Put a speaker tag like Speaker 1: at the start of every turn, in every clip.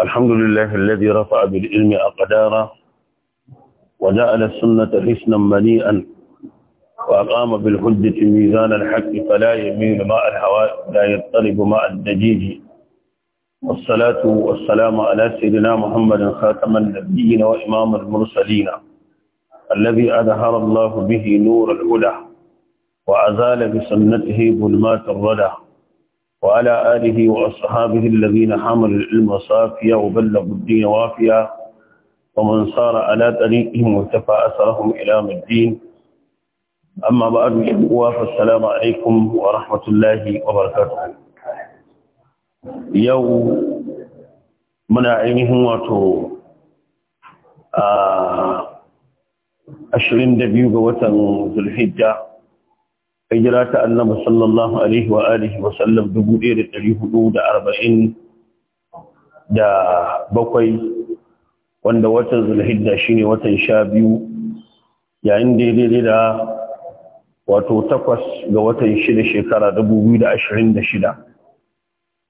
Speaker 1: الحمد لله الذي رفع بالعلم أقدارا وجعل السنة حسنا منيئا وأقام بالحجة ميزان الحق فلا يميل ماء الهواء لا يضطرب ماء الدجيج والصلاة والسلام على سيدنا محمد خاتم النبيين وإمام المرسلين الذي أظهر الله به نور الهدى وأزال بسنته ظلمات الردى وعلى آله وأصحابه الذين حملوا العلم صافيا وبلغوا الدين وافيا ومن صار على طريقهم واتفى أثرهم إلى الدين أما بعد فالسلام عليكم ورحمة الله وبركاته يوم من عينهم واتو ashirin da biyu ga ذو الحجة hijira ta annabi sallallahu alaihi wa alihi wa sallam 1447 wanda watan zulhijja shine watan 12 yayin da daidai da wato takwas ga watan shida shekara 2026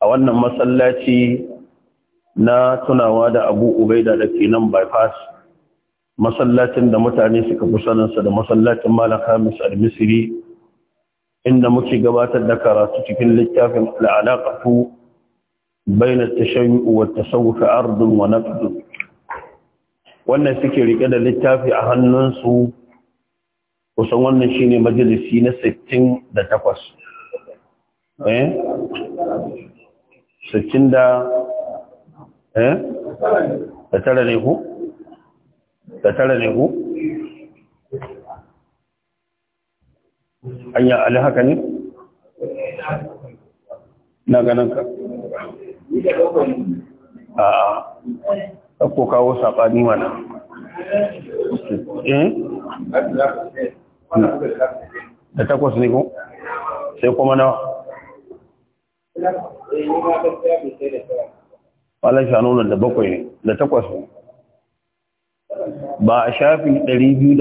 Speaker 1: a wannan masallaci na tunawa da Abu Ubaida da ke nan bypass masallacin da mutane suka fi saninsa da masallacin Malam Musa al-Misri inda muke gabatar da karatu cikin littafin al'alaƙatu bai na tashayyu wa tasawufi ardun wa naqdun wannan suke rike da littafi a hannunsu kusan wannan shine majalisi na 68 eh 68 da eh da tara ne ku da tare ne ku anya ali haka ne na ganin ka a ko kawo saɓani mana eh? da takwas ne ko sai kuma na shi shanunan da bakwai ne da takwas ne ba a shafi 242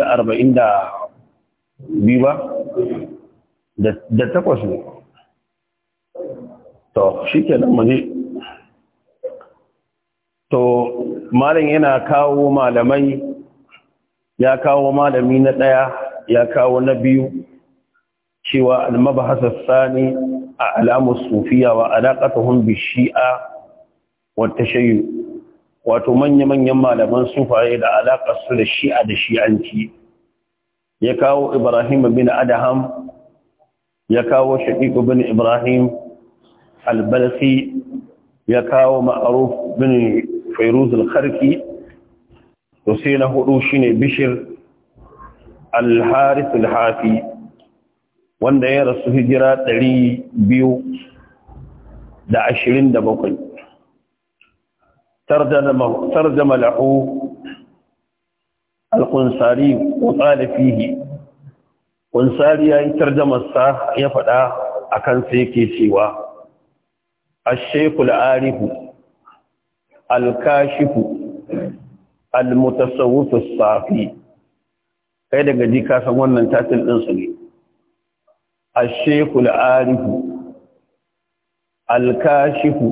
Speaker 1: ba da takwas ne to shi ke nan to malin yana kawo malamai ya kawo malami na ɗaya ya kawo na biyu cewa almabahasa sani a alamun sufiya wa alaƙatuhun shi'a wata shayu wato manya-manyan malaman sufaye da alaƙarsu da shi'a da shi'anci ya kawo ibrahim bin adaham ya kawo shaƙiƙu bin ibrahim al ya kawo ma'aruf bin fayruz al to sai na hudu shine bishir al-harith wanda ya rasu hijira 227 tarjama lahu al-qunsari wa qala fihi unsari ya yi sa ya faɗa a kan sai yake cewa ashekul arihu alkashifu almutasawwifus safi kai daga ji ka san wannan tatil din su ne ashekul arihu alkashifu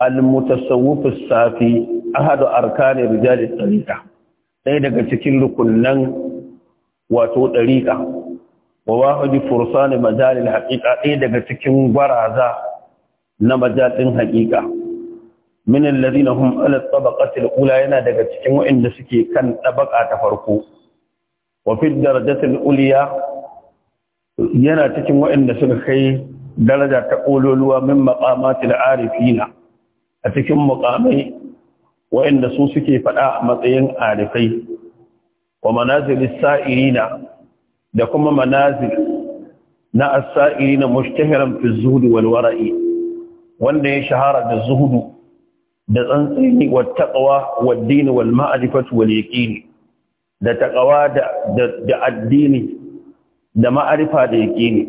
Speaker 1: almutasawwifus safi ahadu arkanir rijal tariqa ɗaya daga cikin rukunnan wato ɗariƙa wa wahadi fursani majalil haƙiƙa ɗaya daga cikin gwaraza na majalin haƙiƙa min alladhina hum ala tabaqati alula yana daga cikin wa'inda suke kan tabaka ta farko wa fi darajati yana cikin wa'inda suka kai daraja ta ƙololuwa min maqamati al'arifina a cikin muƙamai, wa'inda su suke faɗa a matsayin arifai wa manazilis sa'irina da kuma manazil na as-sa'irina mushtahiran fi zuhudu wal wara'i wanda ya shahara da zuhudu da tsantsini wa taqwa wa ad wal ma'rifatu wal da taqwa da addini da ma'arifa da yaqini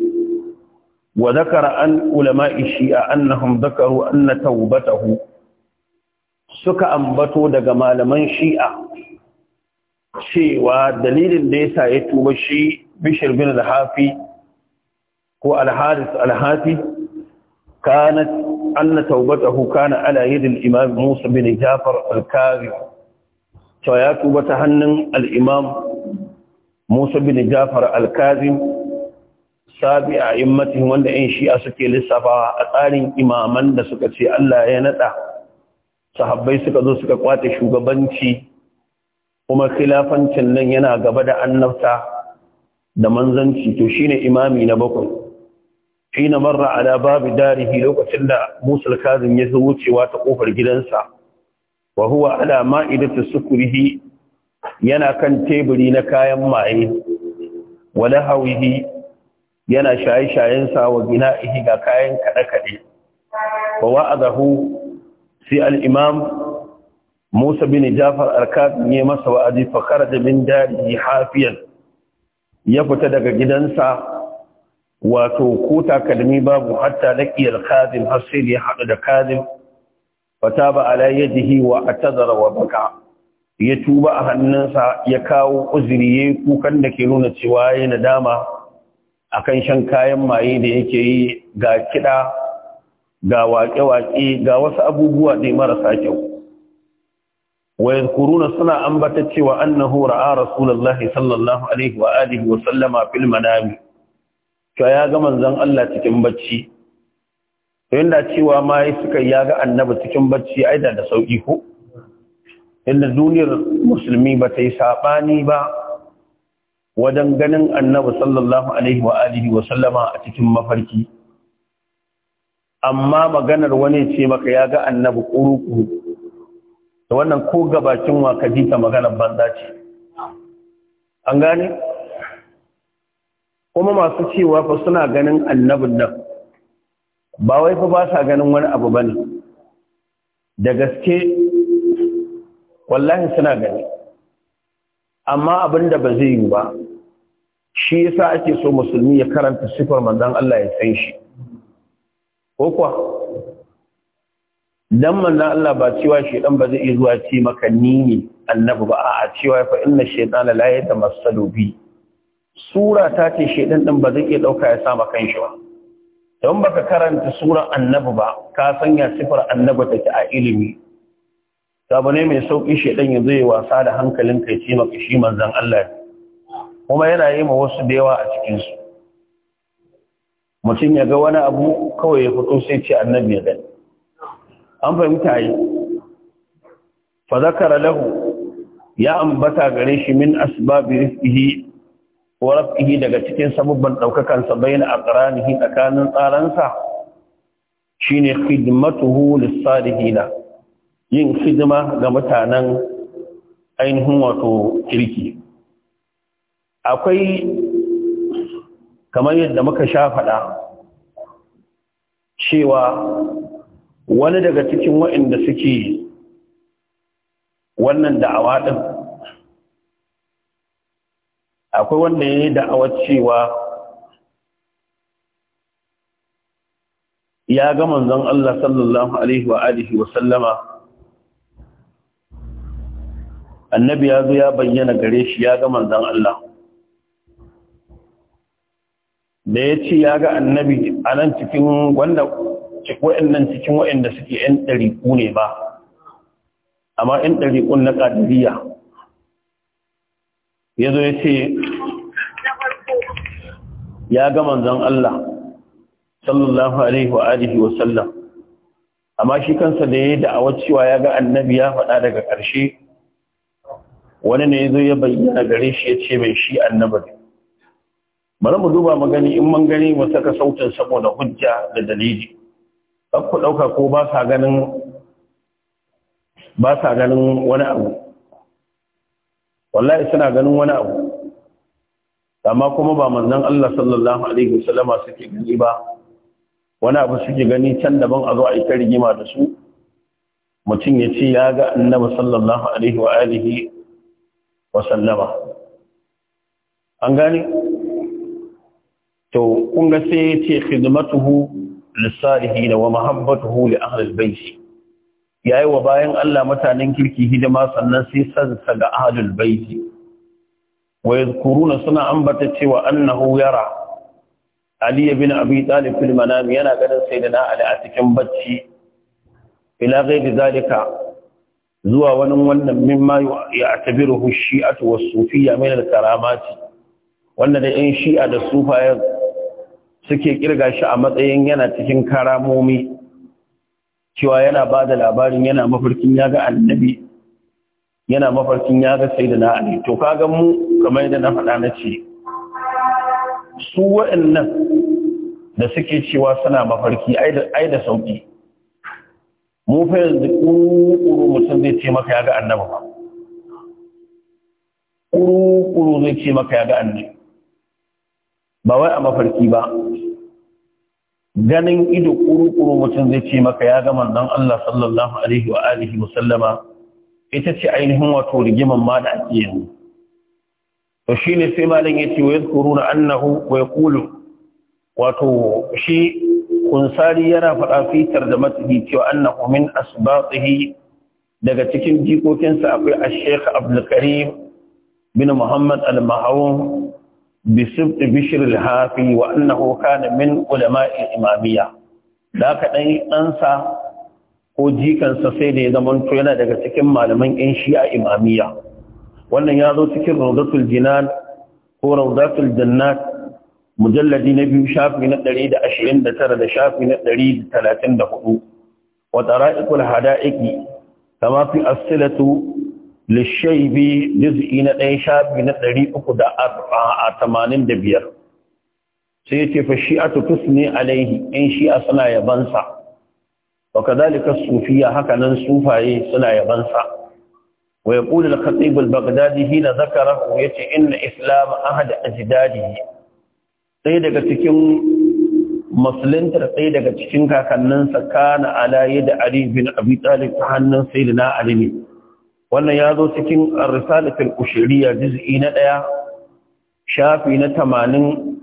Speaker 1: wa dhakara an ulama'i shi'a annahum dhakaru anna tawbatahu suka ambato daga malaman shi'a cewa dalilin da yasa ya tuba shi bishir bin Alhafi ko al Alhafi, kanat anna tawbatahu kana ala imam Musa bin Jafar al-Kari cewa ya tuba ta hannun al-imam Musa bin Jafar al-Kazim sabi a immatin wanda ‘yan shi'a suke lissafawa a tsarin imaman da suka ce Allah ya naɗa, sahabbai suka zo suka kwata shugabanci kuma khilafancin nan yana gaba da annabta da manzanci to shine imami na bakwai hina marra ala babu darihi lokacin da Musa Kazim ya zo wucewa ta kofar gidansa wa huwa ala ma'idati sukurihi yana kan teburi na kayan maye wala hawihi yana shaye sa wa gina'ihi ga kayan kaɗe-kaɗe wa wa'adahu sai al-imam Musa bin Jafar al-Kazim ya masa wa'azi fa kharaja min darihi hafiyan ya fita daga gidansa wato ko takalmi babu hatta laqi al-Kazim har sai ya hadu da Kazim fataba ala yadihi wa atazara wa baka ya tuba a hannunsa ya kawo uzuri yayi kukan da ke nuna cewa yayi nadama akan shan kayan maye da yake yi ga kida ga waƙe-waƙe ga wasu abubuwa dai marasa kyau Wayan kuruna suna ambata cewa annahu ra'a rasulullahi sallallahu alaihi wa alihi wa sallama fil manami to ya ga manzon Allah cikin bacci to inda cewa ma suka ya ga annabi cikin bacci ai da sauki ko inda duniyar musulmi ba ta yi sabani ba wajen ganin annabi sallallahu alaihi wa alihi wa sallama a cikin mafarki amma maganar wani ce maka ya ga annabi kuruku. da wannan ko gabakin wa ka jita maganar banza ce an gane kuma masu cewa fa suna ganin annabin nan ba wai fa ba sa ganin wani abu bane da gaske wallahi suna gani amma abin da ba zai yi ba shi yasa ake so musulmi ya karanta sifar manzon Allah ya san shi ko kuwa dan manzon Allah ba cewa shedan ba zai iya zuwa ce maka ni ne annabi ba a'a cewa fa inna shaytana la yatamassalu bi sura ta ce shedan din ba zai iya dauka ya sama kanshi ba don baka karanta sura annabi ba ka sanya sifar annabi take a ilimi abu ne mai sauƙi yanzu ya zai wasa da hankalin kai ce maka shi manzan Allah kuma yana yi ma wasu da yawa a cikinsu mutum ya ga wani abu kawai ya fito sai ce annabi ya gani an fahimta yi fa zakara lahu ya ambata gare shi min asbabi rizqihi wa rafihi daga cikin sabubban daukakan sa bayna aqranihi tsakanin tsaransa shine khidmatuhu lis-salihina yin khidma ga mutanen ainihin wato kirki akwai kamar yadda muka sha fada cewa wani daga cikin waɗanda suke wannan da'awa ɗin akwai wanda ya yi da'awar cewa ya ga manzon Allah sallallahu Alaihi wa alihi wa sallama annabi ya zo ya bayyana gare shi ya ga manzon Allah da ya ce ya ga annabi a nan cikin wanda wa'annan cikin wayanda suke ‘yan ɗariƙu ne ba, amma ‘yan ɗariƙun na ƙadiriya ya zo ya ce ya ga manzan Allah sallallahu Alaihi wa'adihi sallam, amma shi kansa da ya yi da'awar cewa ya ga annabi ya faɗa daga ƙarshe wani ne ya zo ya bayyana gare shi ya ce mai shi annabi bari mu duba magani in mun gani mu saka sautin saboda hujja da dalili ku ɗauka ko ba sa ganin ba sa ganin wani abu wallahi suna ganin wani abu amma kuma ba manzon Allah sallallahu alaihi wasallama suke gani ba wani abu suke gani can daban a zo a yi ta rigima da su mutum ya ce ya ga annabi sallallahu alaihi wa alihi wasallama an gane to kun ga sai ya ce khidmatuhu lissalihin wa mahabbatuhu li ahlil baiti yayi wa bayan Allah mutanen kirki hidima sannan sai sansa ga ahlul baiti wa yadhkuruna suna ambata cewa annahu yara Ali ibn Abi Talib fil manam yana ganin sayyidina Ali a cikin bacci ila ghairi zalika zuwa wani wannan mimma ya'tabiruhu shi'atu was-sufiyya min al-karamati Wannan da yan shi'a da sufaye suke kirga shi a matsayin yana cikin karamomi cewa yana ba da labarin yana mafarkin ya ga annabi yana mafarkin ya ga sai da na ali to ga mu kamar yadda na faɗa na ce su wa'annan da suke cewa suna mafarki ai da sauki mu fa yanzu ƙuru mutum zai ce maka ya ga annaba. ba ƙuru zai ce maka ya ga annabi ba wai a mafarki ba ganin ido kuru-kuru mutum zai ce maka ya gama dan Allah sallallahu alaihi wa alihi musallama ita ce ainihin wato rigiman ma da ake yanzu to shi ne sai malam ya ce wa yadkuru na annahu wa Kulu? wato shi kunsari yana faɗa fitar da matsayi cewa annahu min asbatihi daga cikin jikokinsa akwai a shaykh Abdulkarim bin Muhammad al-Mahawun بسبت بشر الهافي وأنه كان من علماء الإمامية da ka ɗan ɗansa ko jikansa sai da ya zamanto yana daga cikin malaman 'yan shi'a imamiyya wannan ya zo cikin raudatul jinan ko raudatul jannat mujalladi na biyu shafi na 129 da shafi na 134 wa tsara'ikul fi lishaibi juz'i na ɗaya shafi na ɗari uku da a tamanin da biyar sai ya ce fa shi'atu tusni alaihi in shi'a suna yabansa wa kadhalika sufiya haka nan sufaye suna yabansa wa yaqulu al-khatib al zakara hina zakarahu yace inna islam ahad ajdadihi sai daga cikin musulunta sai daga cikin kakanninsa kana ala da ali bin abi talib ta hannun sayyidina ali ne wannan ya zo cikin risalatul ushiriya juz'i na ɗaya shafi na tamanin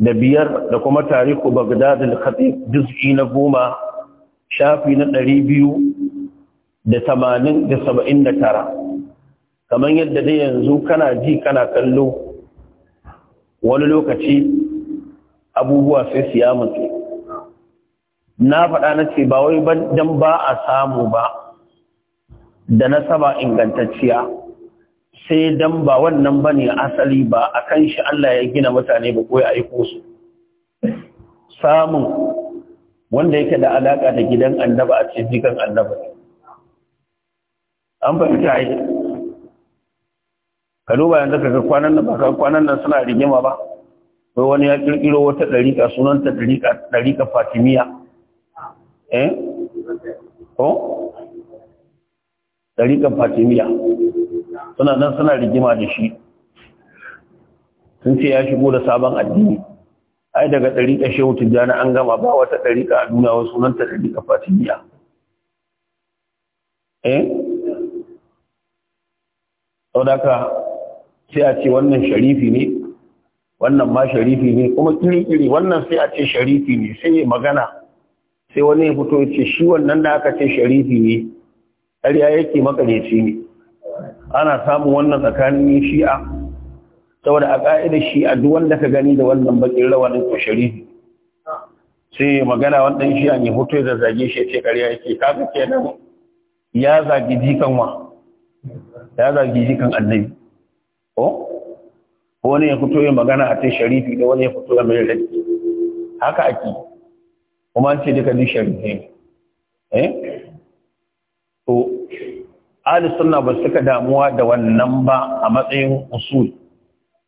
Speaker 1: da biyar da kuma tarihu bagdad al-khatib juz'i na goma shafi na ɗari biyu da tamanin da saba'in da tara kamar yadda dai yanzu kana ji kana kallo wani lokaci abubuwa sai siya na faɗa na ce ba wai dan ba a samu ba da nasaba ingantacciya sai dan ba wannan bane asali ba akan shi Allah ya gina mutane ba koyi aiko su samun wanda yake da alaka da gidan annaba a cikin jikan annaba an fahimta yi ka duba yanzu ka ga kwanan nan ba kwanan nan suna rigima ba ko wani ya kirkiro wata dariƙa sunanta dariƙa dariƙa Fatimiya eh ko ɗariƙar fatimiyya suna nan suna rigima da shi sun ce ya shigo da sabon addini ai daga ɗariƙar shehu tijjani an gama ba wata ɗariƙa a duniya wasu nan ta ɗariƙar fatimiyya eh sau daga sai a ce wannan sharifi ne wannan ma sharifi ne kuma kiri-kiri wannan sai a ce sharifi ne sai magana sai wani ya fito ya ce shi wannan da aka ce sharifi ne ƙarya yake makareci ne ana samun wannan tsakanin shi'a saboda a ƙa'idar shi'a duk wanda ka gani da wannan bakin rawanin to sharifi sai magana wannan shi'a ne hoto da zage shi ce ƙarya yake kaga kenan ya zagi jikan wa ya zagi jikan annabi ko wani ya fito ya magana a ta sharifi da wani ya fito ya mai rai haka ake kuma an ce duka duk sharifi ne eh to ahli sunna ba suka damuwa da wannan ba a matsayin usul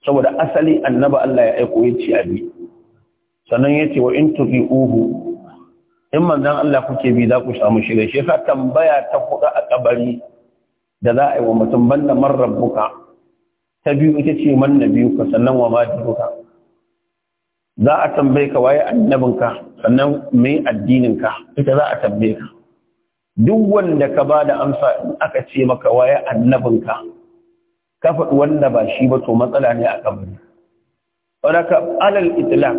Speaker 1: saboda asali annaba Allah ya aiko ya ci abi sannan ya ce wa in uhu? in manzon Allah kuke bi za ku samu shi shi Ka tambaya ta kuɗa a kabari da za a yi wa mutum banda man rabbuka ta biyu ita ce man nabiyuka sannan wa ma dinuka za a tambaye ka waye annabinka sannan me addininka ita za a tambaye ka duk wanda ka ba da amsa in aka ce maka waye annabinka ka faɗi wanda ba shi ba to matsala ne a kabari wadaka alal itlaq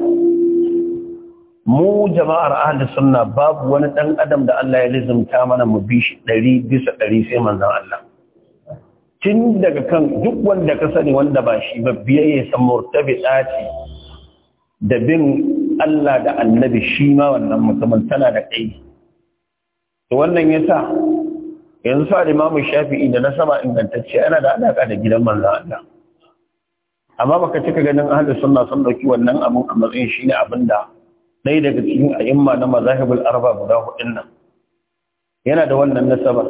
Speaker 1: mu jama'ar ahli sunna babu wani ɗan adam da Allah ya lizimta mana mu bi shi ɗari bisa ɗari sai manzan Allah tun daga kan duk wanda ka sani wanda ba shi ba biyayya san murtabi ɗaci da bin Allah da annabi shi ma wannan mutumin tana da kai to wannan sa, yanzu sa imamu shafi'i da na sama ingantacce yana da alaƙa da gidan manzan Allah amma baka cika ganin ahlus sunna sun dauki wannan abun a matsayin abin da ɗaya daga cikin a'imma na mazahibul arba guda huɗun nan yana da wannan nasaba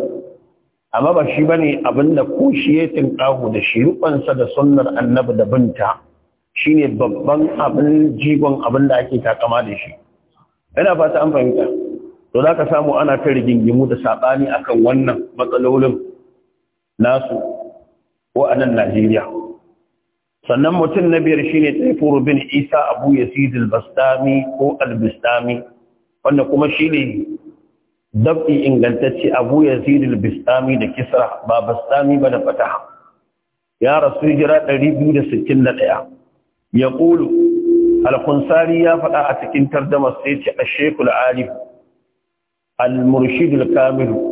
Speaker 1: amma ba shi bane da ko shi ya tinkahu da shi rubansa da sunnar annabi da binta shine babban abin jigon abin da ake takama da shi yana fata an fahimta to za ka samu ana ta rigingimu da saɓani a kan wannan matsalolin nasu ko a nan Najeriya. Sannan mutum na biyar shi ne Taifuru bin Isa Abu Yazid al ko al-Bistami, wanda kuma shi ne dab'i ingantacce Abu Yazid al da Kisra ba Bastami ba da fataha. Ya rasu hijira 261. Ya ƙulu, alkunsari ya faɗa a cikin tardamar sai ce a Shekul Alifu. المرشد الكامل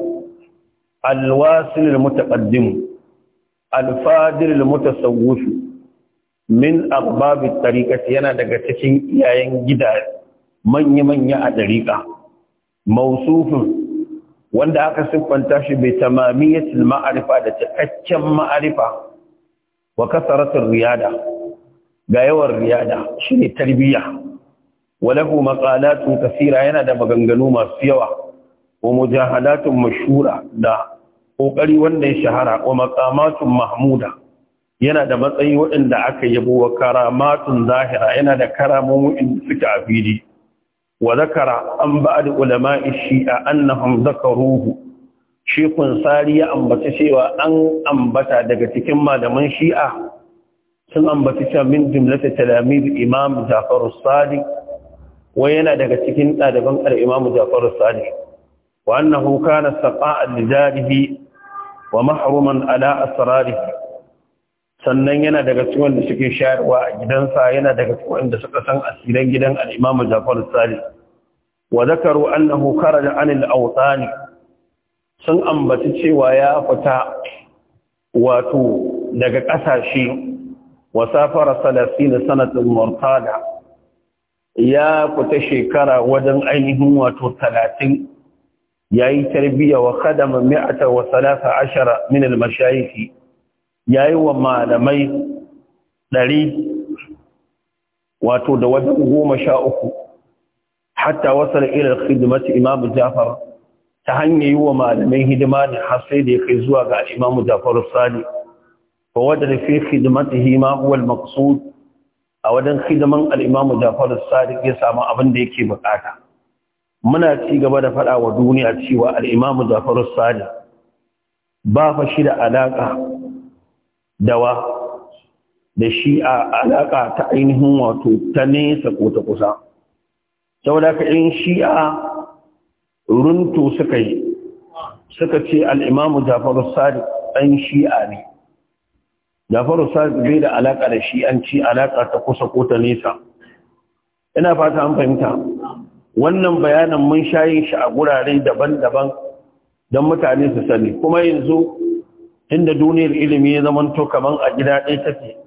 Speaker 1: الواصل المتقدم الفاضل المتصوف min arbabit tariqati yana daga cikin iyayen gida manya-manya a tariqa mausufin wanda aka siffanta shi bai tamamiyatul ma'arifa da cikakken ma'arifa wa kasaratul riyada ga yawan riyada shine tarbiyya walahu maƙalatun kasira yana da maganganu masu yawa wa mujahadatun mashura da ƙoƙari wanda ya shahara wa maqamatun mahmuda yana da matsayi waɗanda aka yabo wa karamatun zahira yana da karamomin suke a wa zakara an ba'ad ulama'i shi'a annahum zakaruhu shekun sari ya ambata cewa an ambata daga cikin malaman shi'a sun ambaci cewa min jumlata talamid imam jafar sadiq wai yana daga cikin ɗaliban al-imam jafar sadiq وأنه كان سقاء لجاره ومحرما على أسراره sannan yana daga cikin wanda suke shayarwa a gidansa yana daga cikin wanda suka san asirin gidan al-Imam Ja'far Salih wa zakaru annahu kharaja an al-awtan sun ambaci cewa ya fita wato daga kasashe wa safara 30 sanatan murtada ya fita shekara wajen ainihin wato talatin. yayi tarbiyya wa kadama mi'ata wa salasa ashara min al ya yi wa malamai ɗari wato da wajen goma sha uku hatta wasar irin hidimata imamu jafar ta hanyar yi wa malamai hidima da hasai da ya kai zuwa ga imamu jafar sali ba wadda da fi hidimata hima huwal maksud a wajen hidiman al'imamu jafar sali ya samu abin da yake bukata muna ci gaba da faɗa wa duniya cewa al'imamu zafaru sani ba fa shi da alaƙa dawa da shi a alaƙa ta ainihin wato ta nesa ko ta kusa saboda ka in a runto suka yi suka ce al'imamu jafaru sadi ɗan shi'a ne jafaru sadi bai da alaƙa da shi ci alaƙa ta kusa ko ta nesa ina fata an fahimta wannan bayanan mun shayin shi a gurare daban-daban don mutane su sani kuma yanzu inda duniyar ilimi ya zama to kamar a gida ɗaya take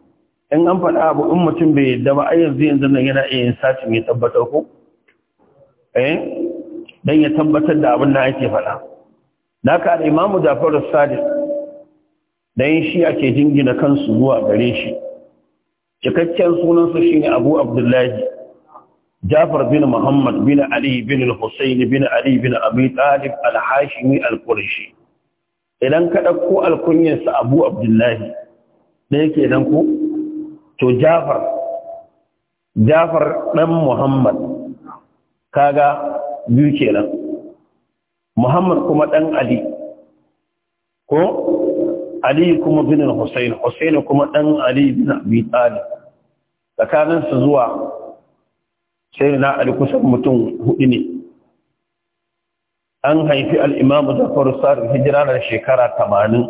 Speaker 1: in an faɗa abu in mutum bai yadda ba a yanzu yanzu nan yana iya yin sati ya tabbatar ko eh dan ya tabbatar da abin da ake faɗa Na ka da imamu Ja'far as da yin shi ake jingina kansu zuwa gare shi cikakken sunansa shine Abu Abdullahi جعفر بن محمد بن علي بن الحسين بن علي بن أبي طالب الحاشمي القرشي idan ka ɗauko alkunyarsa abu abdullahi da yake nan ku to jafar jafar ɗan muhammad kaga biyu kenan muhammad kuma ɗan ali ko ali kuma bin hussein hussein kuma ɗan ali bin abi talib tsakaninsu zuwa sai na ali kusan mutum hudu ne an haifi al'imamu zafar sa'ar hijira na shekara tamanin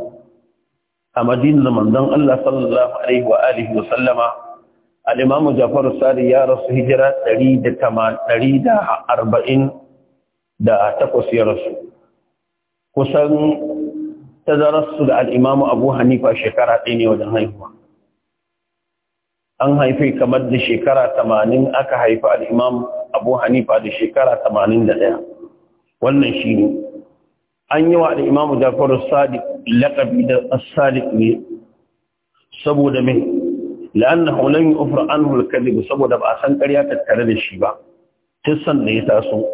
Speaker 1: a madinar manzon Allah sallallahu alaihi wa alihi wa sallama al'imamu zafar sa'ar ya rasu hijira ɗari da da arba'in takwas ya rasu kusan tazararsu da al'imamu abu hanifa shekara ɗaya ne wajen haihuwa an haife kamar da shekara tamanin aka haifi al'imam abu hanifa da shekara tamanin da ɗaya wannan shi ne an yi wa al'imamu jafaru sadiq laƙabi da sadiq ne saboda mai la'anna haulan yi ofar an hulkali saboda ba a san ƙarya tattare da shi ba tissan da ya taso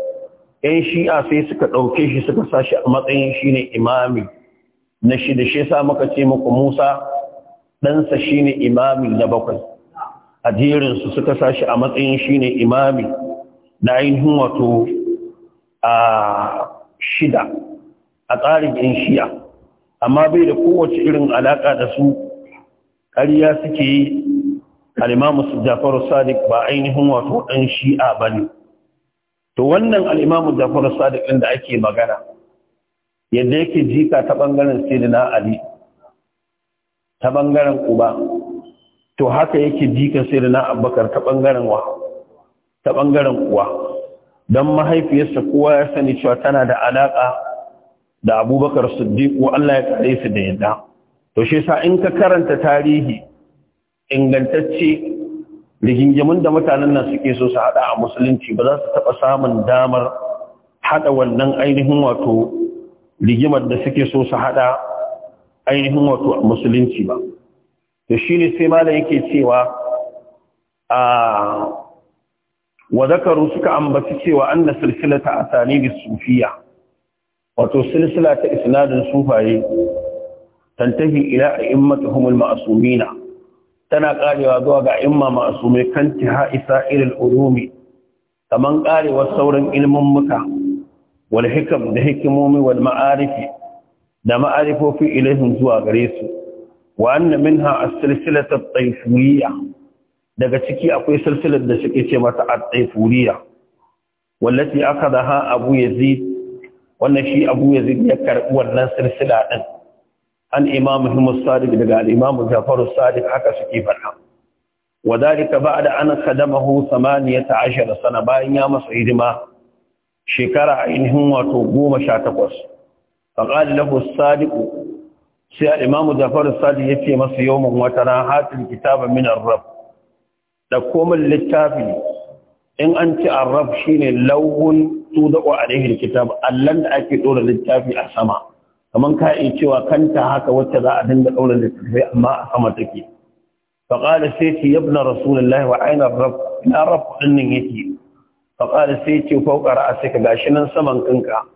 Speaker 1: ‘yan shi'a sai suka ɗauke shi suka sa shi a matsayin shi ne imami na shi da shi sa muka ce muku musa ɗansa shi ne imami na bakwai a jerinsu suka sashi a matsayin shine imami na ainihin wato a shida a tsarin yan shiya amma bai da kowace irin alaƙa da su ƙariya suke yi al'imamu su jafaru sadiq ba ainihin wato ɗan shi'a ba ne to wannan al'imamu jafaru sadiq ɗin da ake magana yadda yake jika ta ɓangaren sirina ali ta ɓangaren ku ba. to haka yake jikan sai da na abubakar ta ɓangaren wa ta ɓangaren uwa don mahaifiyarsa kowa ya sani cewa tana da alaƙa da abubakar siddiq wa Allah ya kaɗe su da yadda to shi sa in ka karanta tarihi ingantacce rigingimin da mutanen nan suke so su haɗa a musulunci ba za su taɓa samun damar haɗa wannan ainihin wato rigimar da suke so su haɗa ainihin wato a musulunci ba shi ne sai malam yake cewa a wa suka ambaci cewa anna silsilata asanibi sufiya wato silsila ta isnadin sufaye tantafi ila a'immatuhum al-ma'sumina tana karewa zuwa ga imma ma'sumai kan tiha isa'il irin ulumi kamar karewar sauran ilmin muka wal hikam da hikimomi wal ma'arifi da ma'arifofi ilahin zuwa gare su wa anna minha a silsilatu at daga ciki akwai silsilar da suke ce mata at-tayfuriyya wallati akadaha abu wannan shi abu yazid ya karɓi wannan silsila ɗin an imam Muhammad Sadiq daga al Jafaru sadik Sadiq haka suke faɗa wadalika ba'da an khadamahu 18 sana bayan ya masa hidima shekara ainihin wato goma sha 18 faqala lahu sadiku sai imamu Jafaru Sadi ya ce masa yawmin watara hatil kitaban min ar-rab da komin littafi in an ci ar-rab shine lawun tudau alaihi kitab allan da ake ɗora littafi a sama Kamar ka yi cewa kanta haka wacce za a dinga dora littafi amma a sama take fa qala sayti ibn rasulullah wa ayna ar-rab ina rab dinnin yake fa qala sayti fawqa ra'sika gashi nan saman kanka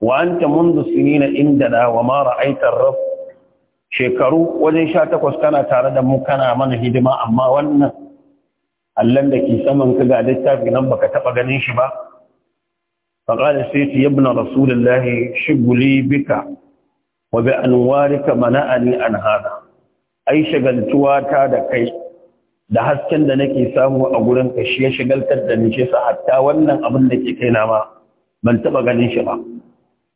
Speaker 1: wa anta mundu sinina na wa ma ra'aita ar-rab shekaru wajen sha takwas kana tare da mu kana mana hidima amma wannan Allon da ke saman kaga ga littafi nan baka taba ganin shi ba faƙalar sai ce yabna rasulullahi shiguli bika wa bi anwarika mana'ani an hada ai shagaltuwata ta da kai da hasken da nake samu a gurin ka shi ya shagaltar da ni sa hatta wannan abin da ke kaina ma ban taba ganin shi ba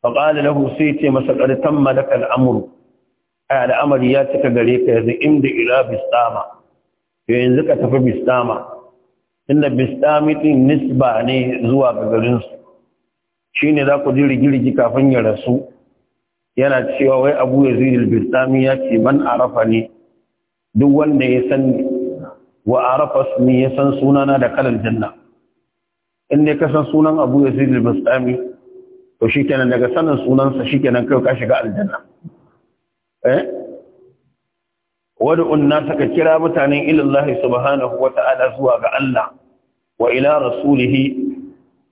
Speaker 1: faqala lahu sai ce masa qad tamma laka al al'amari ya cika gare ka yanzu inda ila bistama yanzu ka tafi bistama inda bistami din nisba ne zuwa ga garin shi ne za ku ji rigirgi kafin ya rasu yana cewa wai abu ya zuri bistami ya ce man arafa ne duk wanda ya san wa arafa ne ya san sunana da kalan janna in ne ka san sunan abu ya zuri bistami to shi kenan daga sanin sunansa shi kenan kai ka shiga aljanna eh na saka kira mutanen ilallahi subhanahu ta'ala zuwa ga Allah wa ila rasulihi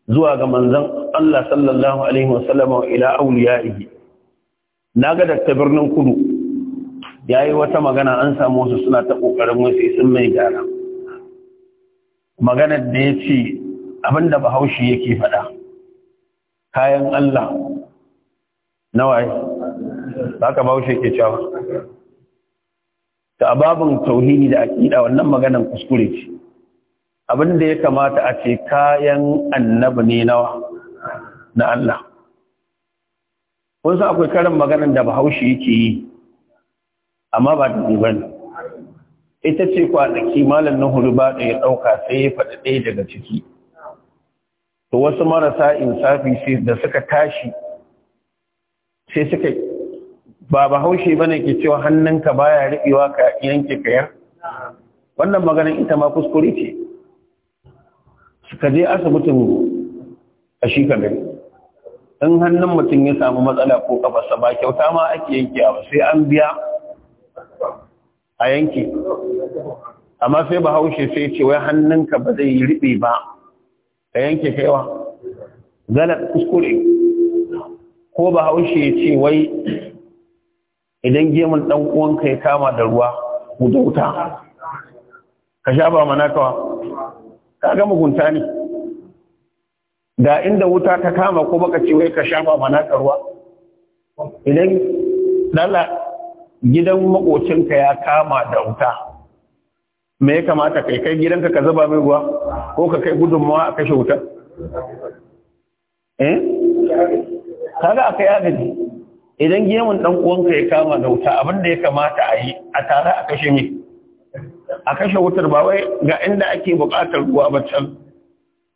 Speaker 1: zuwa ga manzon Allah sallallahu alaihi wa sallama wa ila auliyaihi naga da birnin kudu yayi wata magana an samu wasu suna ta kokarin wasu sun mai gyara maganar da yace abinda bahaushe yake faɗa kayan Allah nawai haka bahaushe ke cewa ta ababin tauhidi da aƙida wannan maganan kuskure ce Abinda ya kamata a ce kayan annabi ne nawa na Allah kun akwai karin maganan da bahaushe yake yi amma ba da ne. ita ce kwanaki malam na ba ya ɗauka sai ya faɗi ɗaya daga ciki to wasu marasa insafi da suka tashi sai suka ba bahaushe ne ke cewa hannunka baya riɓewa ka yanke kayar wannan maganin ita ma kuskure ce suka je asibitin a shi ka gari in hannun mutum ya samu matsala ko kafarsa ba kyauta ma ake yanke ba sai an biya a yanke amma sai bahaushe sai ce wai hannunka ba zai riɓe ba ka yanke kaiwa Zanar kuskure ko bahaushe haushe ce wai idan gemun dan uwanka ya kama da ruwa ku dauta wuta ka sha ba mana kawa ka ga mugunta ne da inda wuta ta kama ko baka ce wai ka sha ba mana ka ruwa idan dala gidan makocinka ya kama da wuta me ya kamata kai kai gidanka ka zuba mai ruwa ko ka kai gudunmawa a kashe wutar eh kaga akai agaji idan gemun dan uwanka ya kama da wuta abin da ya kamata a yi a tare a kashe ne a kashe wutar ba wai ga inda ake buƙatar ruwa ba can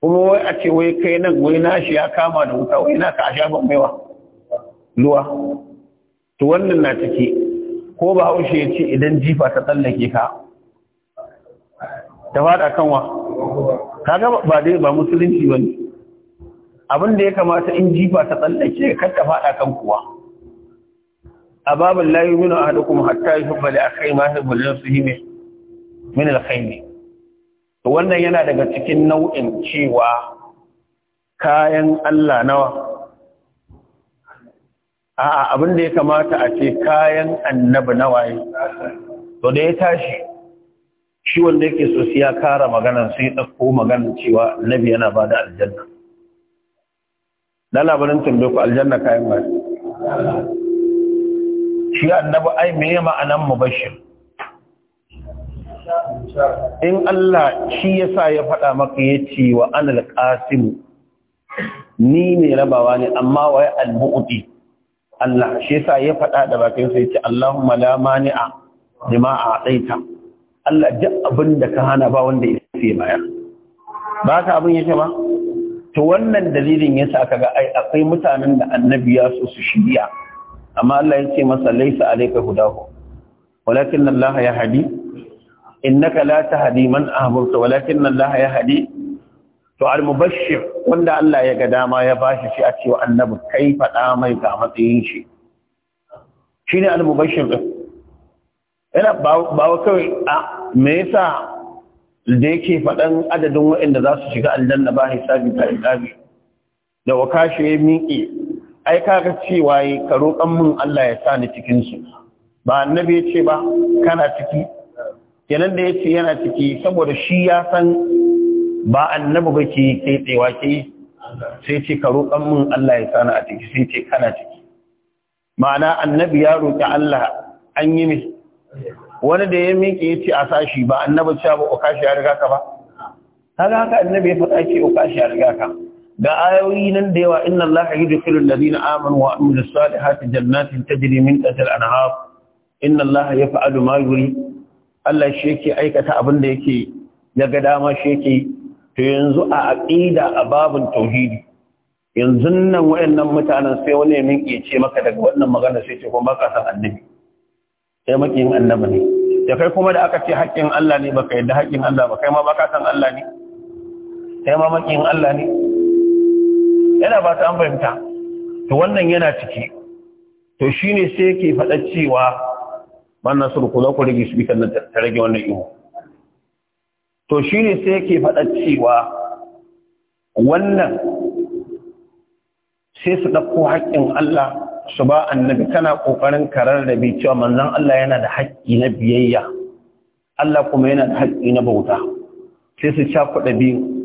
Speaker 1: kuma wai a ce wai kai nan wai nashi ya kama da wuta wai naka a shafin maiwa ruwa to wannan na take ko ba haushe ya ce idan jifa ta tsallake ka ta faɗa kanwa kaga ba dai ba musulunci bane abin da ya kamata in jifa ta tsallake kar ta faɗa kan kuwa a babin layi nuna a haɗu kuma hatta yi hubba da aka yi masu bulin su hime min alkhaimi ne. wannan yana daga cikin nau'in cewa kayan Allah nawa a'a abin da ya kamata a ce kayan annabi nawaye to da ya tashi shi wanda yake so ya kara magana sai ya ɗauko magana cewa nabi yana ba da aljanna na labarin tambaye aljanna kayan masu shi annabi ai me ya ma'anan mubashir in Allah shi yasa ya faɗa maka yace wa anal qasim ni ne rabawa ne amma wai al-mu'ti Allah shi yasa ya faɗa da bakin sa yace Allahumma la mani'a lima a'taita Allah duk abin da ka hana ba wanda ya baya ba ka abin yake ba to wannan dalilin yasa kaga ai akwai mutanen da annabi ya so su shiriya amma Allah ya ce masa laisa alayka hudahu walakin Allah ya hadi innaka la tahdi man ahbabta walakin Allah ya hadi to al mubashir wanda Allah ya ga dama ya bashi shi a cewa annabi kai fada mai ga matsayin shi shine al mubashir yana ba ba kawai a me yasa da yake faɗan adadin waɗanda za su shiga aljanna ba hisabi ta da wakashi ya miƙe ai kaga cewa yi ka roƙon min Allah ya sa ni cikin su ba annabi ya ce ba kana ciki kenan da ya ce yana ciki saboda shi ya san ba annabi ba ke kai tsewa ke sai ce ka roƙon min Allah ya sa ni a ciki sai ce kana ciki ma'ana annabi ya roƙi Allah an yi mai wani da ya miƙe ya ce a sashi ba annabi cewa ba kashi ya riga ka ba kaga haka annabi ya faɗa ce kashi ya riga ka ga ayoyi nan da yawa inna filin da ladina amanu wa amilus salihati jannatin tajri min tahtiha al-anhar inna allaha yaf'alu ma yuri Allah shi yake aikata abin da yake ya ga dama shi yake to yanzu a aqida a babun tauhidi yanzu nan wayannan mutanen sai wani ya minke ce maka daga wannan magana sai ce kuma ka san annabi sai makiyin annabi ne da kai kuma da aka ce haƙƙin Allah ne baka yadda haƙƙin Allah ba kai ma ka san Allah ne kai ma makiyin Allah ne yana ba ta an fahimta to wannan yana ciki to shi ne sai yake faɗa cewa wannan nasr ku za ku rage su kan ta rage wannan ihu to shi ne sai yake faɗa cewa wannan sai su ɗauko haƙƙin Allah su ba annabi kana ƙoƙarin karar da bai cewa manzan Allah yana da haƙƙi na biyayya Allah kuma yana da haƙƙi na bauta sai su cakuɗa biyu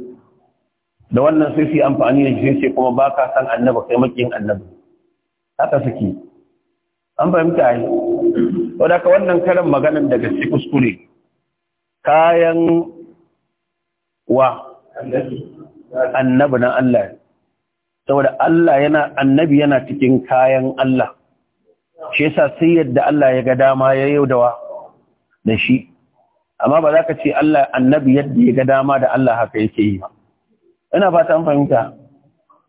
Speaker 1: da wannan sai su yi amfani da shi ce kuma ba ka san annaba kai makin annaba haka suke an fahimta yi Wadaka wannan karin maganar daga shi kuskure kayan wa annabi na Allah saboda Allah yana annabi yana cikin kayan Allah shi yasa sai yadda Allah ya ga dama ya yau da da shi amma ba za ka ce Allah annabi yadda ya ga dama da Allah haka yake yi ba ina fata an fahimta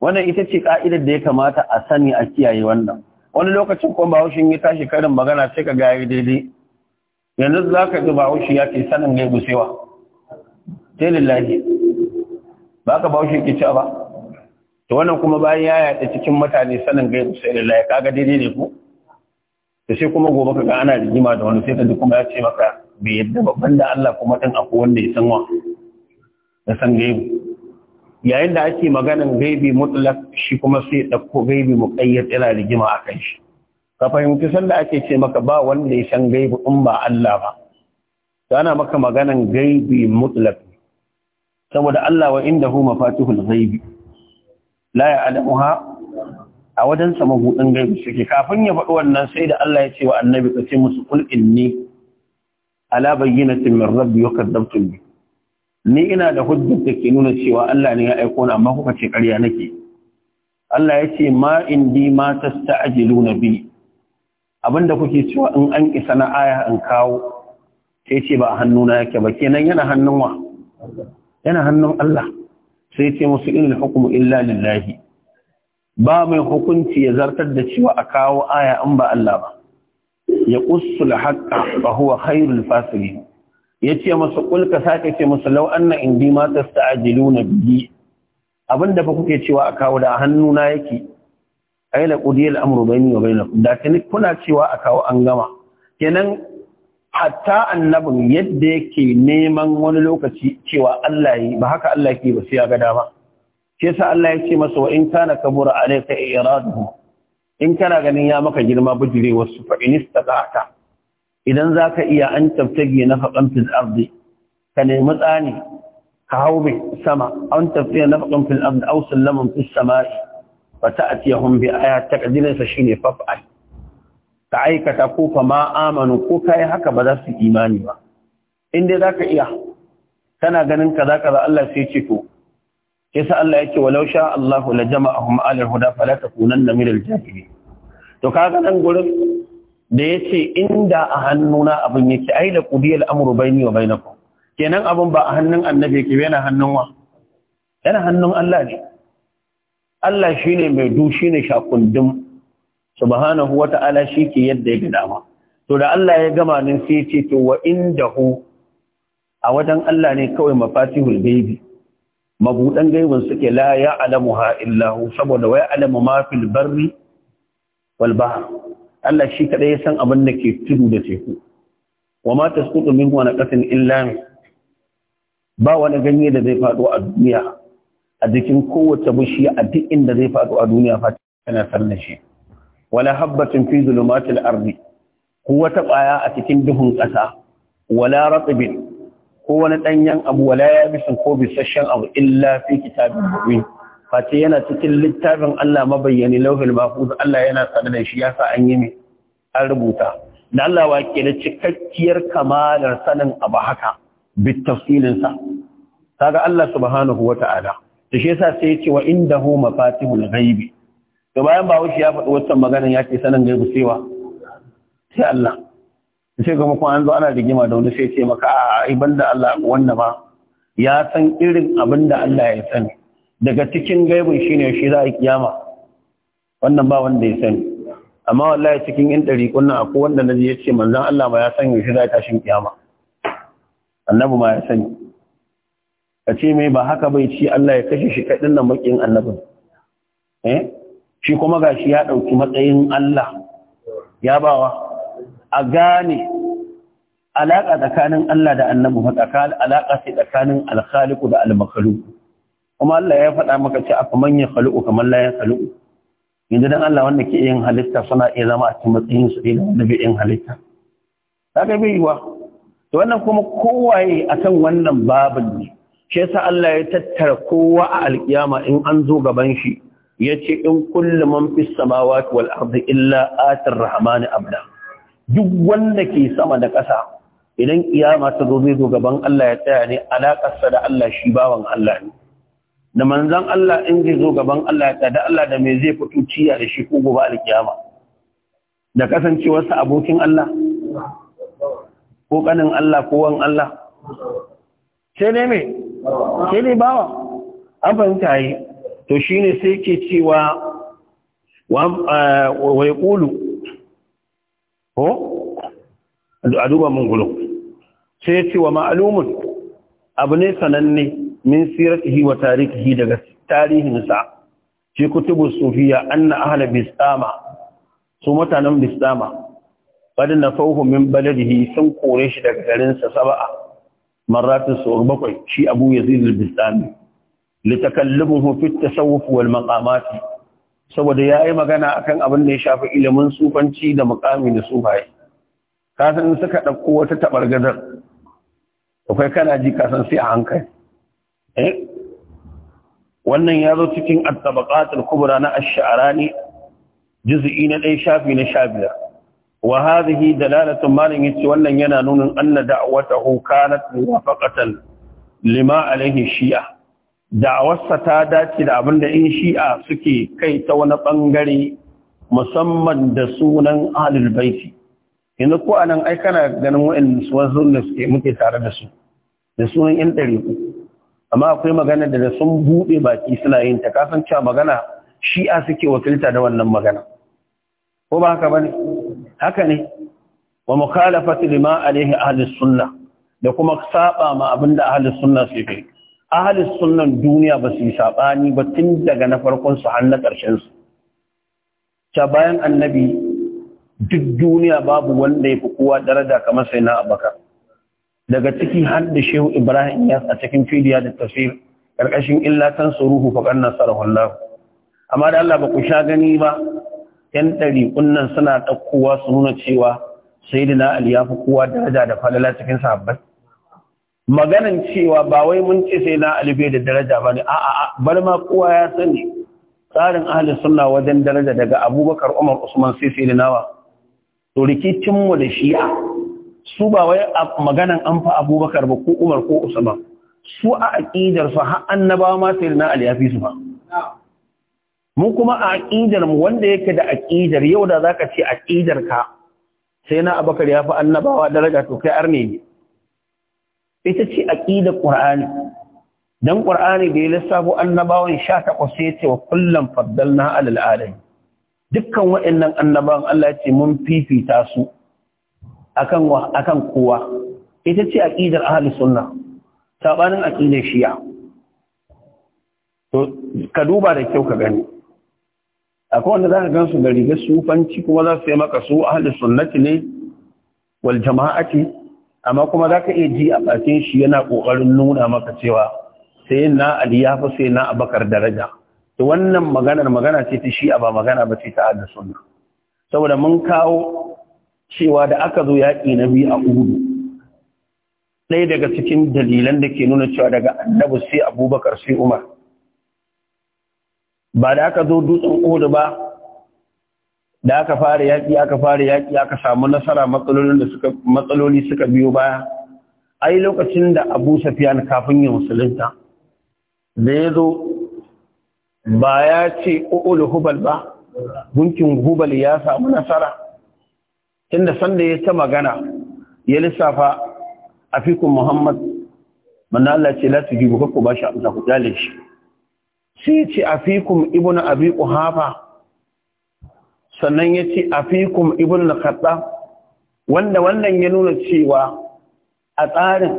Speaker 1: wannan ita ce ka'idar da ya kamata a sani a kiyaye wannan wani lokacin kuma bahaushin ya tashi karin magana sai ka gaya daidai yanzu za ka ji bahaushe ya ke sanin ne gusewa. sai lillahi ba ka bahaushe ke cewa ba to wannan kuma bayan ya yaɗa cikin mutane sanin gaibu sai lillahi kaga daidai ne ku da sai kuma gobe ga ana rigima da wani sai ka ji kuma ya ce maka bai yadda babban da Allah kuma dan akwai wanda ya san wa ya san gaibu yayin da ake maganan gaibi mutlak shi kuma sai ɗauko gaibi muƙayyar yana rigima a kan shi ka fahimci sanda ake ce maka ba wanda ya san gaibi in ba Allah ba to ana maka maganan gaibi mutlak saboda Allah wa da mafatihul ghaibi la ya'lamuha a wajen sa magudin gaibi suke kafin ya faɗi wannan sai da Allah ya ce wa annabi ka ce musu kul inni ala bayyinatin min rabbi wa kadzabtum bi ni ina da hujjar da ke nuna cewa Allah ne ya aiko ni amma kuka ce ƙarya nake Allah ya ce ma in bi ma tasta'jilu nabi abinda kuke cewa in an isa na aya in kawo sai ce ba hannuna yake ba kenan yana hannun wa yana hannun Allah sai ce musu inil hukmu illa lillahi ba mai hukunci ya zartar da cewa a kawo aya in ba Allah ba ya qussul haqqa fa huwa khairul fasilin ya ce masu kulka sake ce masu lau anna indi mata su na biyi abin da fa kuke cewa a kawo da na yake aila amuru bai bayni wa da kuna cewa a kawo an gama kenan hatta annabin yadda yake neman wani lokaci cewa Allah yi ba haka Allah yake ba sai ya ga dama Ke sa Allah ya ce masa wa in kana kabura alayka iraduhu in kana ganin ya maka girma bijire wasu fa in idan za ka iya an tabtagi na faɗan fil ka nemi tsani ka hau mai sama an tabtagi na faɗan fil ardi au sallaman fil sama'i fa ta'tiyahum bi ayat taqdirin sa ne Fafa'i. ka aikata ko fa ma amanu ko kai haka ba za su imani ba in dai za ka iya kana ganin kaza kaza Allah sai ce to yasa Allah yake wa sha Allahu la jama'ahum ala huda fala takunanna minal jahilin to kaga nan gurin da ya ce inda a hannuna abin yake ai da kudiyar amuru baini wa bainakum kenan abin ba a hannun annabi yake yana hannun wa yana hannun Allah ne Allah ne mai du shine shakundum subhanahu shi ke yadda ya dama to da Allah ya gama nan sai ce to wa hu? a wajen Allah ne kawai mafatihul hulbebi mabudan gaibin suke la ya ha illahu saboda wa ya ma fil barri wal Allah shi kaɗai ya san abin da ke tudu da teku wa ma tasqutu min wa naqatin ba wani ganye da zai faɗo a duniya a jikin kowace bishiya a duk inda zai faɗo a duniya fa tana sanna shi wala habbatin fi zulumatil ardi ko wata ƙwaya a cikin duhun ƙasa wala ratbin ko wani ɗanyen abu wala yabisin ko bisashen abu illa fi kitabin mubin face yana cikin littafin Allah mabayyani lauhin mahfuz Allah yana sanar da shi yasa an yi an rubuta da Allah wa ke da cikakkiyar kamalar sanin abu haka bit tafsilin sa kaga Allah subhanahu wata'ala da shi yasa sai ya ce wa indahu mafatihul ghaibi to bayan ba wuce ya faɗi wannan magana ya ce sanin gaibu sai sai Allah sai kuma kuma an zo ana rigima da wani sai ce maka a ai Allah wanda ba ya san irin abin da Allah ya sani daga cikin gaibin shine shi za a kiyama wannan ba wanda ya sani amma wallahi cikin yan ɗari kunna akwai wanda na ya ce manzon Allah ma ya san yaushe za a tashin kiyama annabi ma ya sani ka ce mai ba haka bai ci Allah ya kashe shi kaɗin nan maƙin annabin eh shi kuma gashi ya ɗauki matsayin Allah ya bawa a gane alaƙa tsakanin Allah da annabi fa tsakanin alaƙa ce tsakanin alkhaliku da almakhluku kuma Allah ya faɗa maka ce aka manya khalu'u kamar layan ya yanzu dan Allah wanda ke yin halitta suna iya zama a cikin matsayin su da na bai yin halitta kaga bai yiwa to wannan kuma kowaye akan wannan babin ne shi yasa Allah ya tattara kowa a alkiyama in an zo gaban shi yace in kullu man fis samawati wal ardi illa atir rahmani abda duk wanda ke sama da ƙasa idan kiyama ta zo zai zo gaban Allah ya tsaya ne alaƙarsa da Allah shi bawan Allah ne da manzan Allah in zai zo gaban Allah ya da Allah da mai zai fito ciya da shi ko gobe alkiyama da kasancewarsa abokin Allah ko kanin Allah ko wan Allah sai ne me sai ne bawa an fahimta yi to shine sai ke cewa wa yaqulu ko a duba mun gulu sai ce wa ma'lumun abu ne sananne min siratihi wa tarihi daga tarihinsa fi kutubu sufiya anna ahla bisama su mutanen bisama qad nafahu min baladihi sun kore shi daga garinsa sab'a marratin su bakwai shi abu yazid al-bistami litakallumuhu fi at-tasawuf wal maqamat saboda yayi magana akan abin da ya shafi ilimin sufanci da muqami da sufaye kasan suka dauko wata tabargazar akwai kana ji kasan sai a hankali Eh? wannan ya zo cikin at kubra na ash-sha'rani juz'i na ɗaya shafi na sha biyar wa hadhihi dalalatu malin yace wannan yana nunin anna da'watahu kanat muwafaqatan lima alaihi shi'a da'awarsa ta dace da abin da in shi'a suke kai ta wani bangare musamman da sunan ahlul baiti yanzu ko anan ai kana ganin wa'in su wasu da suke muke tare da su da sunan yan ɗari amma akwai magana da sun buɗe baki suna yin ta kasan cewa magana shi'a suke wakilta da wannan magana ko ba haka bane haka ne wa mukhalafati lima alaihi ahli sunna da kuma saba ma abinda ahli sunna su yi ahli sunnan duniya ba su yi sabani ba tun daga na farkon su har na ƙarshen su ta bayan annabi duk duniya babu wanda ya fi kowa daraja kamar sai na abakar daga ciki har da shehu ibrahim ya a cikin fidiya da tafsir karkashin illa kan suruhu fa nasara nasarahu Allah amma da Allah ba ku sha gani ba yan dari kunnan suna dakkowa su nuna cewa sayyidina ali ya fi kowa daraja da falala cikin sahabbai maganan cewa ba wai mun ce sai na ali bai da daraja ba bane a'a bar ma kowa ya sani tsarin ahli sunna wajen daraja daga abubakar umar usman sai sayyidina wa nawa to rikicin mu da shi'a su ba wai maganan an fa abubakar ba ko umar ko usama su a aƙidar su har annabawa ma sai na aliyafi su ba mu kuma a aƙidar mu wanda yake da aƙidar yau da zaka ce aƙidar ka sai na abakar ya fi annabawa daraja to kai arne ne ita ce aƙidar qur'ani dan qur'ani da ya lissafo annabawan 18 sai ce wa kullum faddalna alal alamin dukkan waɗannan annabawan Allah ya ce mun fifita su akan wa kowa ita ce aqidar ahli sunna sabanin aqidar shi'a to ka duba da kyau ka gani akwai wanda zaka gansu da rigar sufanci kuma za su yi maka su ahli sunnati ne wal jama'ati amma kuma zaka iya ji a bakin shi yana kokarin nuna maka cewa sai na ali ya fa sai na abakar daraja to wannan maganar magana ce ta shi'a ba magana ba ce ta ahli sunna saboda mun kawo cewa da aka zo yaƙi na biyu a uhudu ɗaya daga cikin dalilan da ke nuna cewa daga annabi sai abubakar sai umar ba da aka zo dutsen uhudu ba da aka fara yaƙi aka fara yaƙi aka samu nasara matsaloli suka biyo baya ai lokacin da Abu na kafin ya musulunta da ya zo ba ya ce Uhudu hubal ba gunkin hubal ya samu nasara inda sanda ya ta magana ya lissafa afikun muhammad manna Allah ce la tujibu kakku ba shi amsa ku kyale shi sai ce fikun ibnu abi quhafa sannan ya ce afikum ibnu al khatta wanda wannan ya nuna cewa a tsarin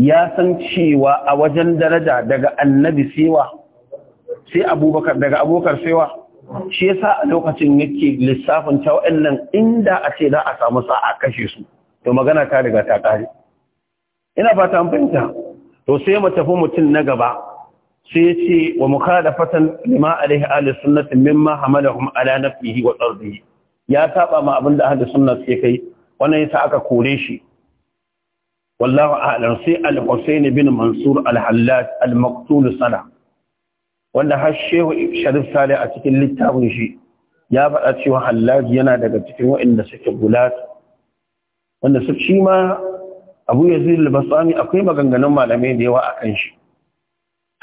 Speaker 1: ya san cewa a wajen daraja daga annabi sewa sai abubakar daga abubakar sewa shi yasa a lokacin yake lissafin ta wa'annan inda a ce za a samu sa'a kashe su to magana ta riga ta kare ina fata an fahimta to sai mu tafi mutum na gaba sai ya ce wa mukhalafatan lima alaihi ahli sunnati mimma hamalahum ala nafsihi wa tarbihi ya saba ma abin da ahli sunna suke kai wannan yasa aka kore shi wallahu a'lam sai al-Husayn bin Mansur al-Hallaj al-Maqtul salah wanda har shehu sharif sale a cikin littafin shi ya faɗa cewa hallaji yana daga cikin waɗanda suke gulat wanda su shi ma abu ya zai akwai maganganun malamai da yawa a kan shi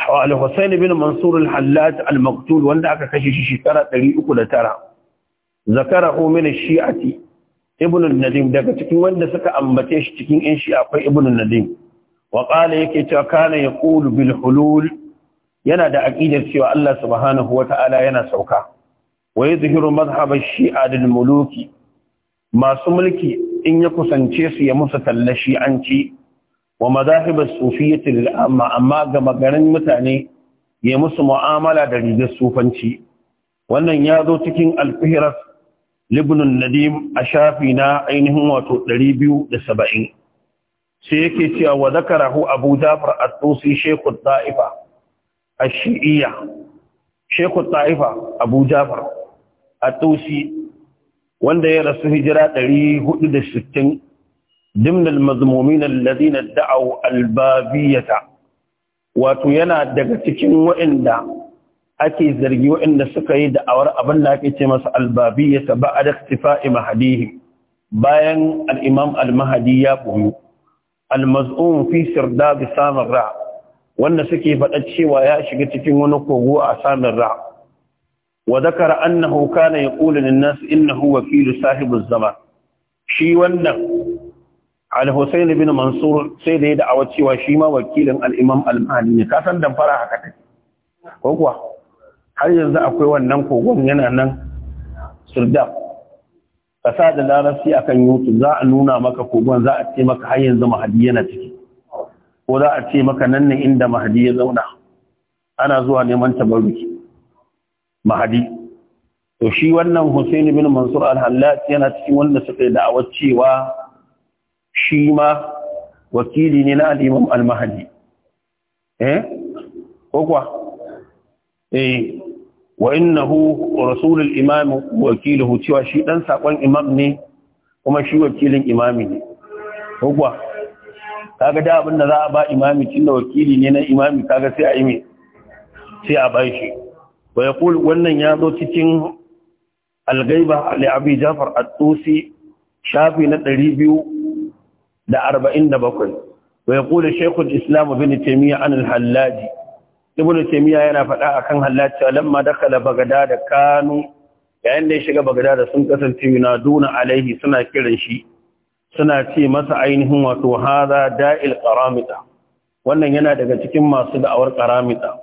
Speaker 1: al-husayn bin mansur al-hallaj al maktul wanda aka kashe shi shekara 309 zakarahu min shi'ati ibn nadim daga cikin wanda suka ambace shi cikin yan shi akwai ibn nadim wa qala yake cewa kana yaqulu bil hulul yana da aƙidar cewa Allah subhanahu wata'ala yana sauka wa yuzhiru madhhab shia da muluki masu mulki in ya kusance su ya musu talla an ci wa madahib as-sufiyyah amma amma ga magarin mutane ya musu mu'amala da rigar sufanci wannan ya zo cikin al-fihras nadim a shafi na ainihin wato 270 sai yake cewa wa zakarahu abu jafar at-tusi shaykhu at-ta'ifa ashi'iyya shekhu ta'ifa abu jafar atusi wanda ya rasu hijira 460 ضمن na الذين ادعوا albabiyata wato yana daga cikin waɗanda ake zargi waɗanda suka yi da'awar abin da ake ce masa albabiyya ta ba a da tifa'i mahadihi bayan al'imam al mahdi ya ɓoyi al-maz'un fi sirda bi samun ra wanda suke faɗa cewa ya shiga cikin wani kogo a samin ra wa zakara annahu kana yaqulu lin nas innahu wakilu sahibu zaman shi wannan al-Husayn bin Mansur sai da ya da'awa cewa shi ma wakilin al-Imam al-Mahdi ne ka san damfara haka take ko kuwa har yanzu akwai wannan kogon yana nan Surdab Kasa da larabci akan YouTube za a nuna maka kogon za a ce maka har yanzu Mahdi yana ciki ko za a ce maka nan ne inda mahadi ya zauna ana zuwa neman tabarruki mahadi to shi wannan Hussein bin Mansur al hallaj yana cikin wanda suka yi da'awar cewa shi ma wakili ne na al-Imam al-Mahdi eh ko kuwa eh wa innahu rasul al-imam wakiluhu cewa shi dan sakon imam ne kuma shi wakilin imami ne ko kuwa kaga da abin da za a ba imami tunda wakili ne na imami kaga sai a yi mai sai a ba shi wa ya wannan ya zo cikin algaiba li abi jafar at shafi na 247 wa ya kula shaykhul islam ibn taimiyya an al ibn taimiyya yana faɗa akan hallaji lamma dakala bagada da kanu yayin da ya shiga bagada da sun kasance yunaduna alaihi suna kiran shi suna ce masa ainihin wato haza da'il qaramita wannan yana daga cikin masu da'awar qaramita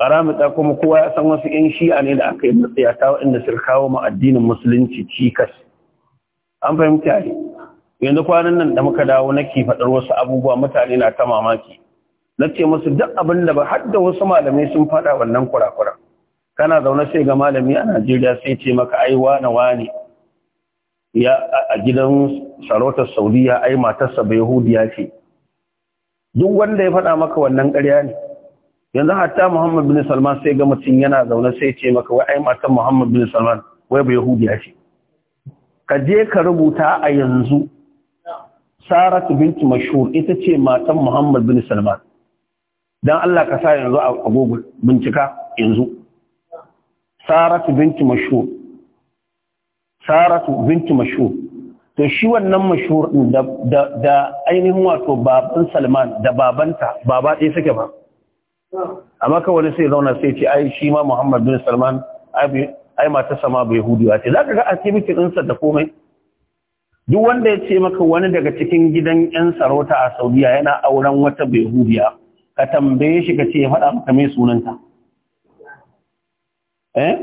Speaker 1: qaramita kuma kowa ya san wasu yan shi'a ne da aka yi matsaya ta waɗanda su kawo ma addinin musulunci cikas an fahimta ne yanzu kwanan nan da muka dawo nake faɗar wasu abubuwa mutane na ta mamaki na ce musu duk abin da ba har da wasu malamai sun faɗa wannan kurakura kana zaune sai ga malami a Najeriya sai ce maka ai wane wane ya a gidan sarautar saudiya ai matarsa bai yahudiya ce duk wanda ya faɗa maka wannan ƙarya ne yanzu hatta muhammad bin salman sai ga mutum yana zaune sai ce maka wai ai matar muhammad bin salman wai bai yahudiya ce ka je ka rubuta a yanzu saratu binti mashhur ita ce matan muhammad bin salman don allah ka sa yanzu a google bincika yanzu saratu binti mashhur saratu binti mashhur to shi wannan mashhur din da ainihin wato baban Salman da babanta baba ɗaya suke ba amma ka wani sai zauna sai ce ai shi ma Muhammad bin Salman ai mata sama bai ya ce zaka ga activity cikin sa da komai duk wanda ya ce maka wani daga cikin gidan yan sarauta a Saudiya yana auren wata bai ka tambaye shi ka ce ya faɗa maka mai sunanta eh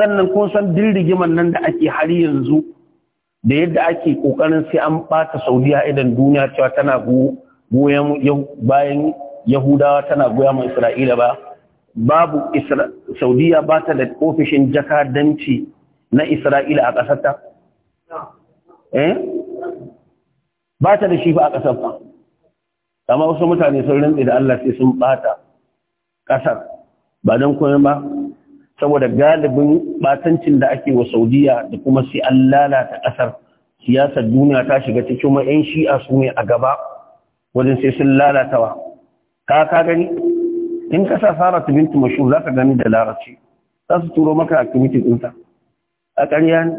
Speaker 1: sannan kun san dirgiman nan da ake har yanzu da yadda ake kokarin sai an bata saudiya idan duniya cewa tana goyon bayan yahudawa tana goya ma isra'ila ba babu saudiya ba ta da ofishin jakadanci na isra'ila a ƙasarta eh ba ta da shi ba a ƙasar ba amma wasu mutane sun rintsi da allah sai sun bata ƙasar ba don koyon ba saboda galibin batancin da ake wa saudiya da kuma sai an lalata ƙasar siyasar duniya ta shiga ta kuma 'yan shi'a su ne a gaba wajen sai sun lalatawa ka ka gani in ka sa ta binta mashu za ka gani da larabci za su turo maka a activity ɗinsa a ƙarya ne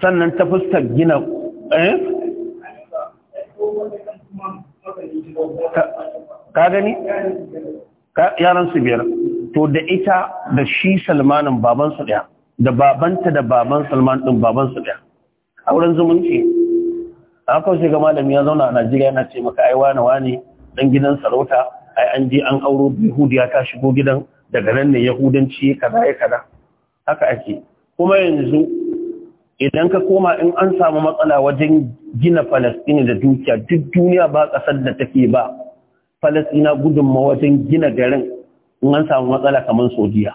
Speaker 1: sannan ta fuskar gina eh? ka gani yaran su biyar to da ita da shi salmanin baban su ɗaya da babanta da baban salman ɗin babansu ɗaya a wurin zumunci a kawai ga malam ya zauna a najeriya yana ce maka ai wane wani dan gidan sarauta ai an je an auro yahudiya ta shigo gidan daga nan ne yahudanci kaza ya kaza haka ake kuma yanzu idan ka koma in an samu matsala wajen gina falastini da dukiya duk duniya ba kasar da take ba falastina gudunmawa wajen gina garin in an samu matsala kamar saudiya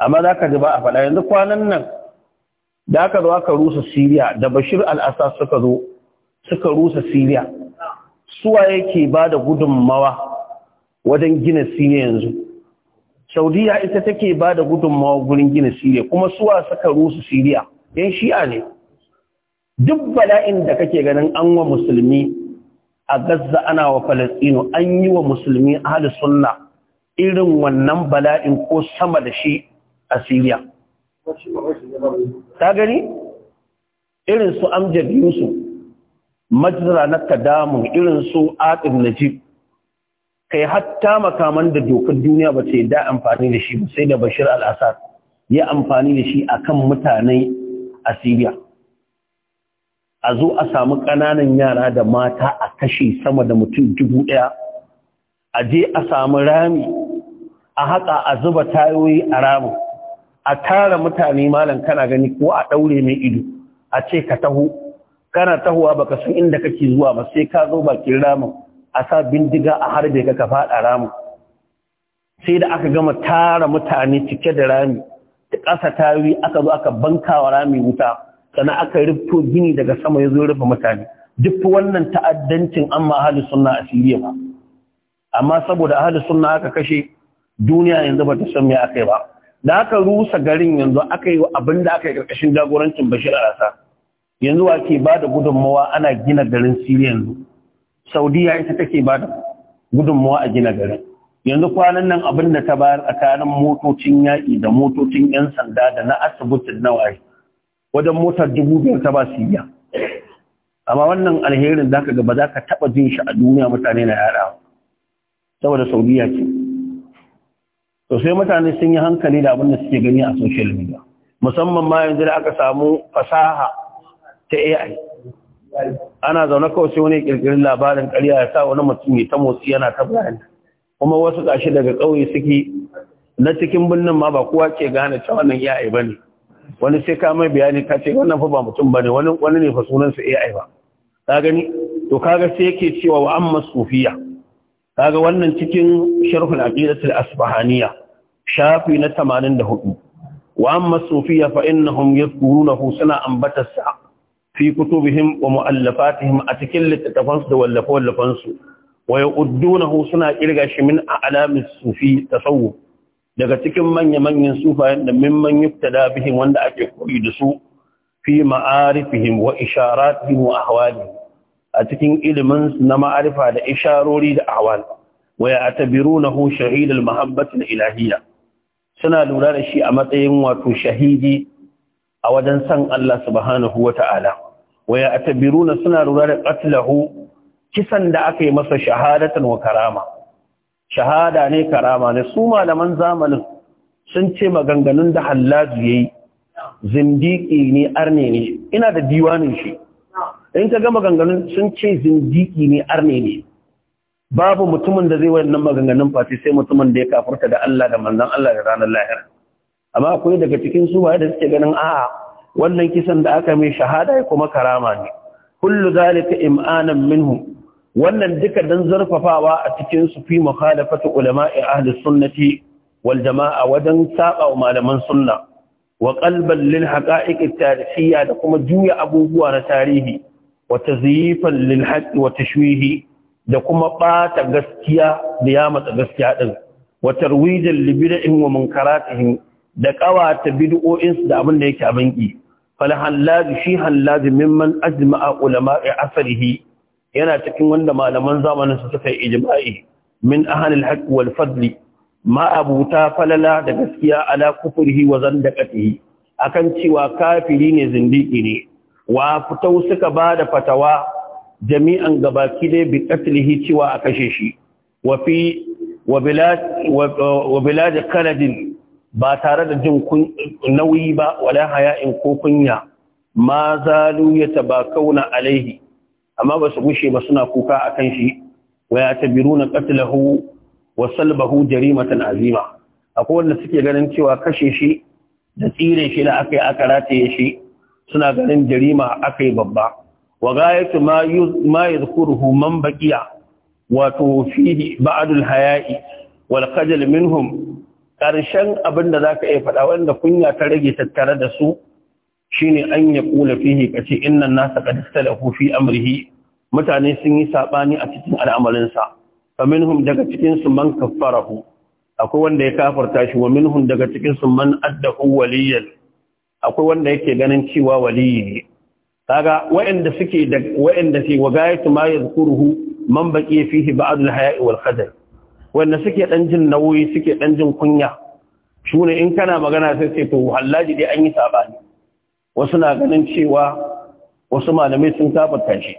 Speaker 1: amma za ka ba a faɗa yanzu kwanan nan da aka zo aka rusa siriya da bashir al'asa suka zo suka rusa siriya suwa yake ba da gudunmawa wajen gina siriya yanzu saudiya ita take ba da gudunmawa gurin gina siriya kuma suwa suka rusa siriya yan shi'a ne duk bala'in da kake ganin an wa musulmi a gazza ana wa falastino an yi wa musulmi ahli sunna irin wannan bala'in ko sama da shi a Siriya. Ta gani? Irin su Amjad Yusuf, majira na Kadamun, irin su Atin Najib, kai hatta makaman da dokar duniya ba ce da amfani da shi sai da Bashir al-Assad ya amfani da shi akan mutane asiriya. A zo a samu ƙananan yara da mata a kashe sama da mutum dubu ɗaya, a je a samu rami a haƙa a zuba tayoyi a ramu a tara mutane malam kana gani ko a ɗaure mai ido a ce ka taho kana tahowa baka san inda kake zuwa ba sai ka zo bakin ramin a sa bindiga a harbe ka ka faɗa ramu. sai da aka gama tara mutane cike da rami da ƙasa tayoyi aka zo aka bankawa rami wuta sannan aka rufto gini daga sama ya zo rufe mutane duk wannan ta'addancin amma ahli sunna a siriya ba amma saboda ahli sunna aka kashe duniya yanzu bata san me akai ba da aka rusa garin yanzu aka yi abin da aka yi karkashin jagorancin bashir al-assad yanzu wa ke da gudunmawa ana gina garin siriya yanzu saudiya ita take bada gudunmawa a gina garin yanzu kwanan nan abin da ta bayar tsakanin motocin yaƙi da motocin 'yan sanda da na asibitin nawaye wajen motar dubu biyar ta ba siriya amma wannan alherin ka ga ba za ka taɓa jin shi a duniya mutane na yara saboda saudiya ce to sai mutane sun yi hankali da abin da suke gani a social media musamman ma yanzu da aka samu fasaha ta AI ana zaune kawai sai wani kirkirin labarin ƙarya ya sa wani mutum ya ta motsi yana ta bayan kuma wasu gashi daga ƙauye suke na cikin birnin ma ba kowa ke gane cewa wannan AI bane wani sai ka mai bayani ka ce wannan fa ba mutum bane wani wani ne fa sunansa AI ba ka gani to kaga sai yake cewa wa amma sufiya kaga wannan cikin sharhul aqidatul asbahaniya shafi na 84 wa amma sufiya fa innahum yadhkurunahu sana ambata sa fi kutubihim wa muallafatihim a cikin littafan da wallafa wallafan su wa yaqudunahu suna kirga shi min alamis sufi tasawuf daga cikin manya manyan sufayen da mimman yuktada bihim wanda ake koyi da su fi ma'arifihim wa isharatihim wa ahwalihim a cikin ilimin na ma'arifa da isharori da awal wa ya atabirunahu shahidul mahabbatul ilahiyya suna lura da shi a matsayin wato shahidi a wajen san Allah subhanahu wata'ala wa ya atabiruna suna lura da qatlahu kisan da aka yi masa shahadatan wa karama shahada ne karama ne su malaman zamanin sun ce maganganun da Hallaju yayi ne arne ne ina da diwanin shi in ka gama ganganun sun ce zindiki ne arne ne babu mutumin da zai nan maganganun Fati sai mutumin da ya kafurta da Allah da manzon Allah da ranar lahira amma akwai daga cikin su da suke ganin a'a wannan kisan da aka mai shahada kuma karama ne kullu zalika im'anan minhu wannan duka dan zurfafawa a cikin su fi mukhalafatu ulama'i ahli sunnati wal jama'a wajen saba wa malaman sunna wa qalban lil haqa'iq at-tarihiyya da kuma juya abubuwa na tarihi wa tazyifan lil wa tashwihi da kuma ɓata gaskiya da ya matsa gaskiya ɗin, wa tarwijan libida'in wa munkaratihim da ƙawata bid'o'insu da abin da yake abin ƙi. Falhallazi shi hallazi mimman ajma'a ulama'i asarihi yana cikin wanda malaman zamanin su suka yi ijma'i min ahli haqq wal fadli ma abuta falala da gaskiya ala kufrihi wa zandaqatihi akan cewa kafiri ne zindiki ne wa fitau suka ba da fatawa jami'an gabaki dai bi katlihi cewa a kashe shi wa fi wa bilad ba tare da jin nauyi ba wala haya'in ko kunya ma zalu ya alaihi amma ba su gushe ba suna kuka a kan shi wa yatabiruna qatlahu wa salbahu jarimatan azima akwai wanda suke ganin cewa kashe shi da tsire shi da aka yi aka rataye shi suna ganin jarima yi babba wa gayatu ma ma yadhkuruhu man baqiya wato fihi ba'dul haya'i wal khajal minhum karshen abin da zaka iya faɗa wanda kunya ta rage tattare da su shine an ya kula fihi kace innan nasa qad istalafu fi amrihi mutane sun yi sabani a cikin al'amarin sa minhum daga cikin su man kaffarahu akwai wanda ya kafarta shi wa minhum daga cikin su man addahu waliyan akwai wanda yake ganin cewa waliyi ne kaga waɗanda suke da waɗanda ke wagayatu ma yadhkuruhu man baqiya fihi ba'd al-haya'i wal qadar wanda suke dan jin nauyi suke dan jin kunya shine in kana magana sai sai to wallahi dai an yi sabani wasu na ganin cewa wasu malamai sun tabbata shi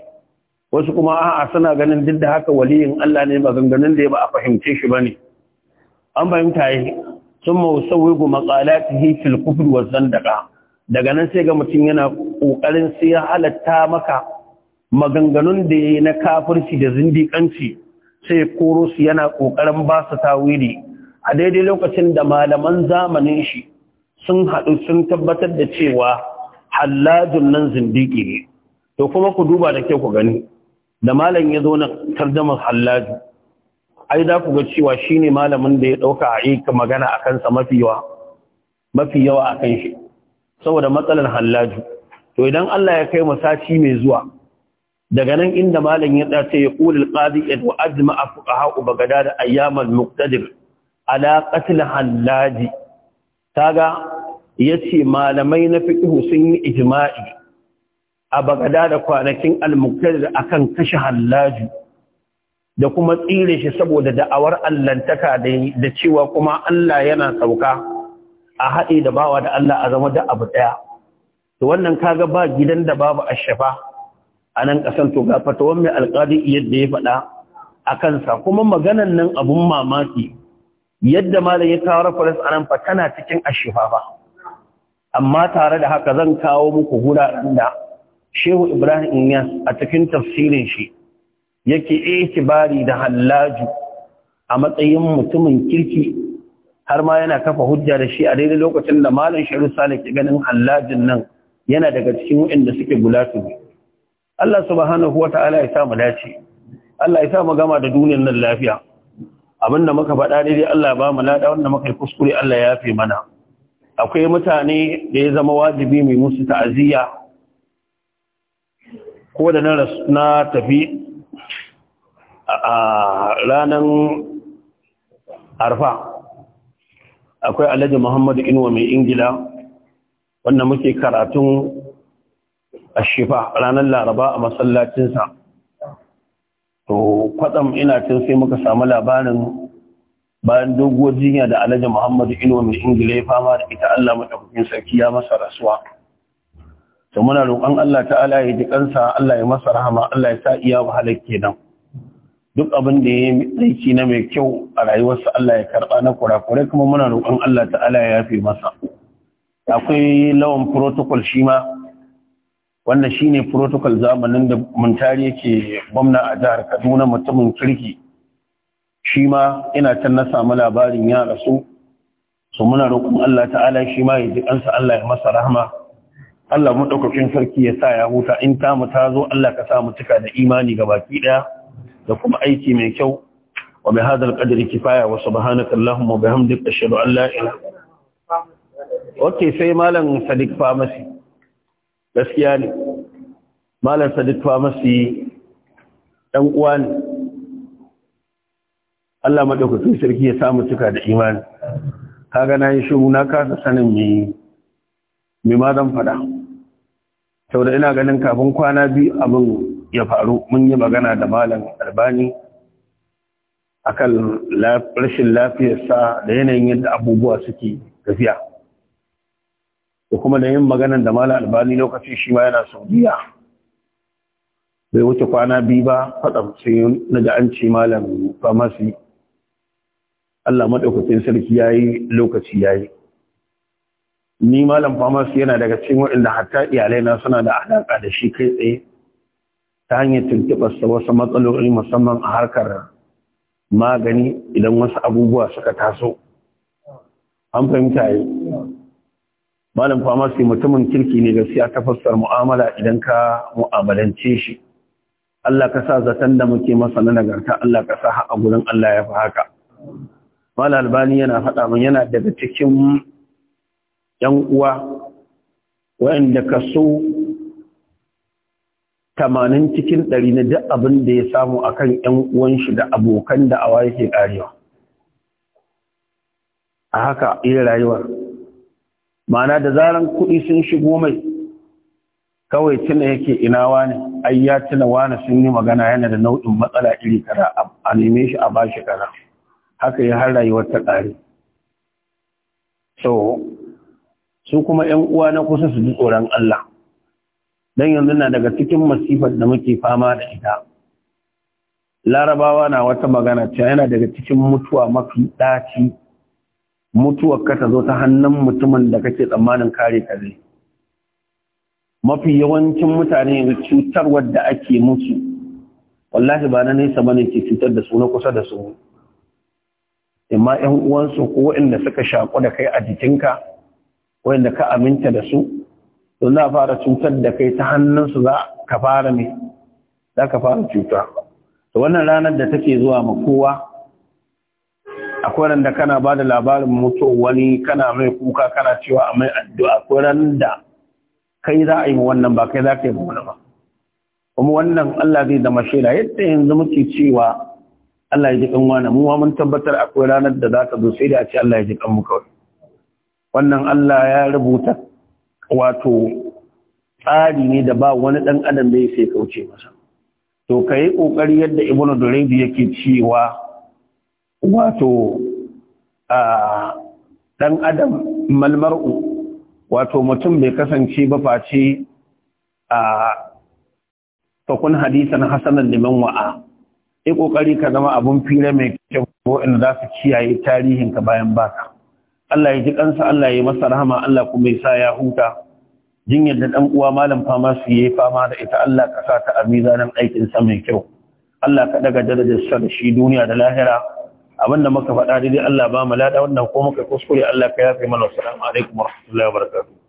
Speaker 1: wasu kuma a'a suna ganin duk da haka waliyin Allah ne maganganun da ya ba a fahimce shi bane an fahimta yi sun mawusawigu maƙalatihi fil kufr wa zandaka daga nan sai ga mutum yana ƙoƙarin sai ya halatta maka maganganun da ya yi na kafirci da zindiƙanci sai koro su yana ƙoƙarin ba su tawili a daidai lokacin da malaman zamanin shi sun haɗu sun tabbatar da cewa hallajun nan zindiƙi ne to kuma ku duba da kyau ku gani da malam ya zo na tarjamar hallaju ai za ku ga cewa shine malamin da ya ɗauka a yi magana a kansa mafi yawa mafi yawa a kan shi saboda matsalar hallaju to idan Allah ya kai mu sati mai zuwa daga nan inda malam ya dace ya qul alqadi wa ajma fuqaha bagada da ayyam almuqtadir ala qatl hallaji kaga yace malamai na ihu sun yi ijma'i a bagada da kwanakin almuqtadir akan kashe hallaju da kuma tsire shi saboda da'awar allantaka da cewa kuma Allah yana sauka a haɗe da bawa da Allah a zama da abu ɗaya to wannan kaga ba gidan da babu ashafa a nan ƙasan to ga fatawan mai alƙadi yadda ya faɗa a kansa kuma maganan nan abun mamaki yadda malam ya kawo reference a nan fa tana cikin ashafa ba amma tare da haka zan kawo muku guda da Shehu Ibrahim Inyas a cikin tafsirin shi yake itibari da hallaju a matsayin mutumin kirki har ma yana kafa hujja da shi a daidai lokacin da malam sharu salik ya ganin hallajin nan yana daga cikin wa'inda suke gulatu Allah subhanahu wa ta'ala ya sa mu dace Allah ya sa mu gama da duniyar nan lafiya abinda muka faɗa daidai Allah ba mu lada wanda muka yi kuskure Allah ya yafe mana akwai mutane da ya zama wajibi mai musu ta'aziyya ko da na tafi a ranar arfa akwai alhaji muhammadu inuwa mai ingila wanda muke karatun a shifa ranar laraba a masallacinsa to kwatsam ina cin sai muka samu labarin bayan doguwar jinya da alhaji muhammadu inuwa mai ingila ya fama da ita allah maɗaukakin sarki ya masa rasuwa to muna roƙon allah ta'ala ya ji kansa allah ya masa rahama allah ya sa iya wahalar kenan duk abin da ya yi aiki na mai kyau a rayuwarsa Allah ya karɓa na kurakure kuma muna roƙon Allah ta'ala ya yafe masa akwai lawan protocol shi ma wanda shi ne protocol zamanin da muntari yake gwamna a jihar kaduna mutumin kirki shi ma ina can na samu labarin ya rasu su muna roƙon Allah ta'ala shi ma ya ji ansa Allah ya masa rahama Allah ɗaukakin sarki ya sa ya huta in ta mu ta zo Allah ka sa mu cika da imani ga baki ɗaya da kuma aiki mai kyau wa bi hadal qadri kifaya wa subhanaka allahumma wa bihamdika ashhadu an la ilaha okay sai malam sadiq Pharmacy. gaskiya ne malam sadiq Pharmacy dan uwa ne Allah madaukakin sarki ya samu cika da imani kaga nayi shuru na kasa sanin me me ma zan faɗa saboda ina ganin kafin kwana biyu abin ya faru mun yi magana da malam albani akan rashin lafiyarsa da yanayin yadda abubuwa suke tafiya da kuma da yin maganan da malam albani lokaci shi ma yana saudiya bai wuce kwana biyu ba faɗa sai na da an ce malam famasi Allah maɗaukacin sarki ya yi lokaci ya yi ni malam famasi yana daga cikin waɗanda hatta iyalai na suna da alaƙa da shi kai tsaye ta hanyar tuntuɓarsa wasu matsaloli musamman a harkar magani idan wasu abubuwa suka taso an fahimta yi malam famasi mutumin kirki ne gaskiya ta fassar mu'amala idan ka mu'amalance shi Allah ka sa zaton da muke masa na nagarta Allah ka sa a gudun Allah ya fi haka malam albani yana faɗa min yana daga cikin 'yan uwa wa'anda ka so tamanin cikin ɗari na duk abin da ya samu a kan ‘yan uwanshi da abokan da awa yake ƙarewa. A haka iya rayuwar. Mana da zaran kuɗi sun shigo mai, kawai tuna yake ina wani, ai ya tuna wani sun yi magana yana da nau'in matsala iri kara a neme shi a bashi kara. Haka ya har rayuwar ta ƙare. So, su kuma ‘yan uwa na kusa su ji tsoron Allah. Dan yanzu na daga cikin masifar da muke fama da ita larabawa na wata magana cewa yana daga cikin mutuwa mafi ɗaci mutuwar ka ta zo ta hannun mutumin da kake tsammanin kare ka zai mafi yawancin mutane yanzu cutar wadda ake musu wallahi ba na nesa bane ke cutar da su na kusa da su imma 'yan uwansu ko waɗanda suka shaku da kai a jikinka waɗanda ka aminta da su to za fara cutar da kai ta hannunsu za ka fara ne za ka fara cuta to wannan ranar da take zuwa ma kowa akwai ran da kana ba da labarin mutu wani kana mai kuka kana cewa a mai addu'a akwai ran da kai za a yi wannan ba kai za ka yi wani ba kuma wannan Allah zai zama shaida yadda yanzu muke cewa Allah ya ji kan wani mu mun tabbatar akwai ranar da za ta zo sai da a ce Allah ya ji kan mu kawai wannan Allah ya rubuta wato tsari ne da ba wani ɗan adam da ya sai kauce masa to ka yi ƙoƙari yadda ibn duraidu yake cewa wato a ɗan adam malmar'u wato mutum bai kasance ba face a fakun hadisan hasanan liman wa'a yi ƙoƙari ka zama abun fira mai kyau ko inda za su kiyaye tarihinka bayan baka Allah ya ji ƙansa, Allah ya masa rahama Allah kuma ya sa ya huta jinyar da ɗan uwa malam fama su yi fama da ita Allah ka sa ta a mizanin aikin sa mai kyau Allah ka daga darajar sa da shi duniya da lahira abinda muka faɗa daidai Allah ba mu lada wannan ko muka kuskure Allah ka yafe mana assalamu alaikum wa wabarakatuh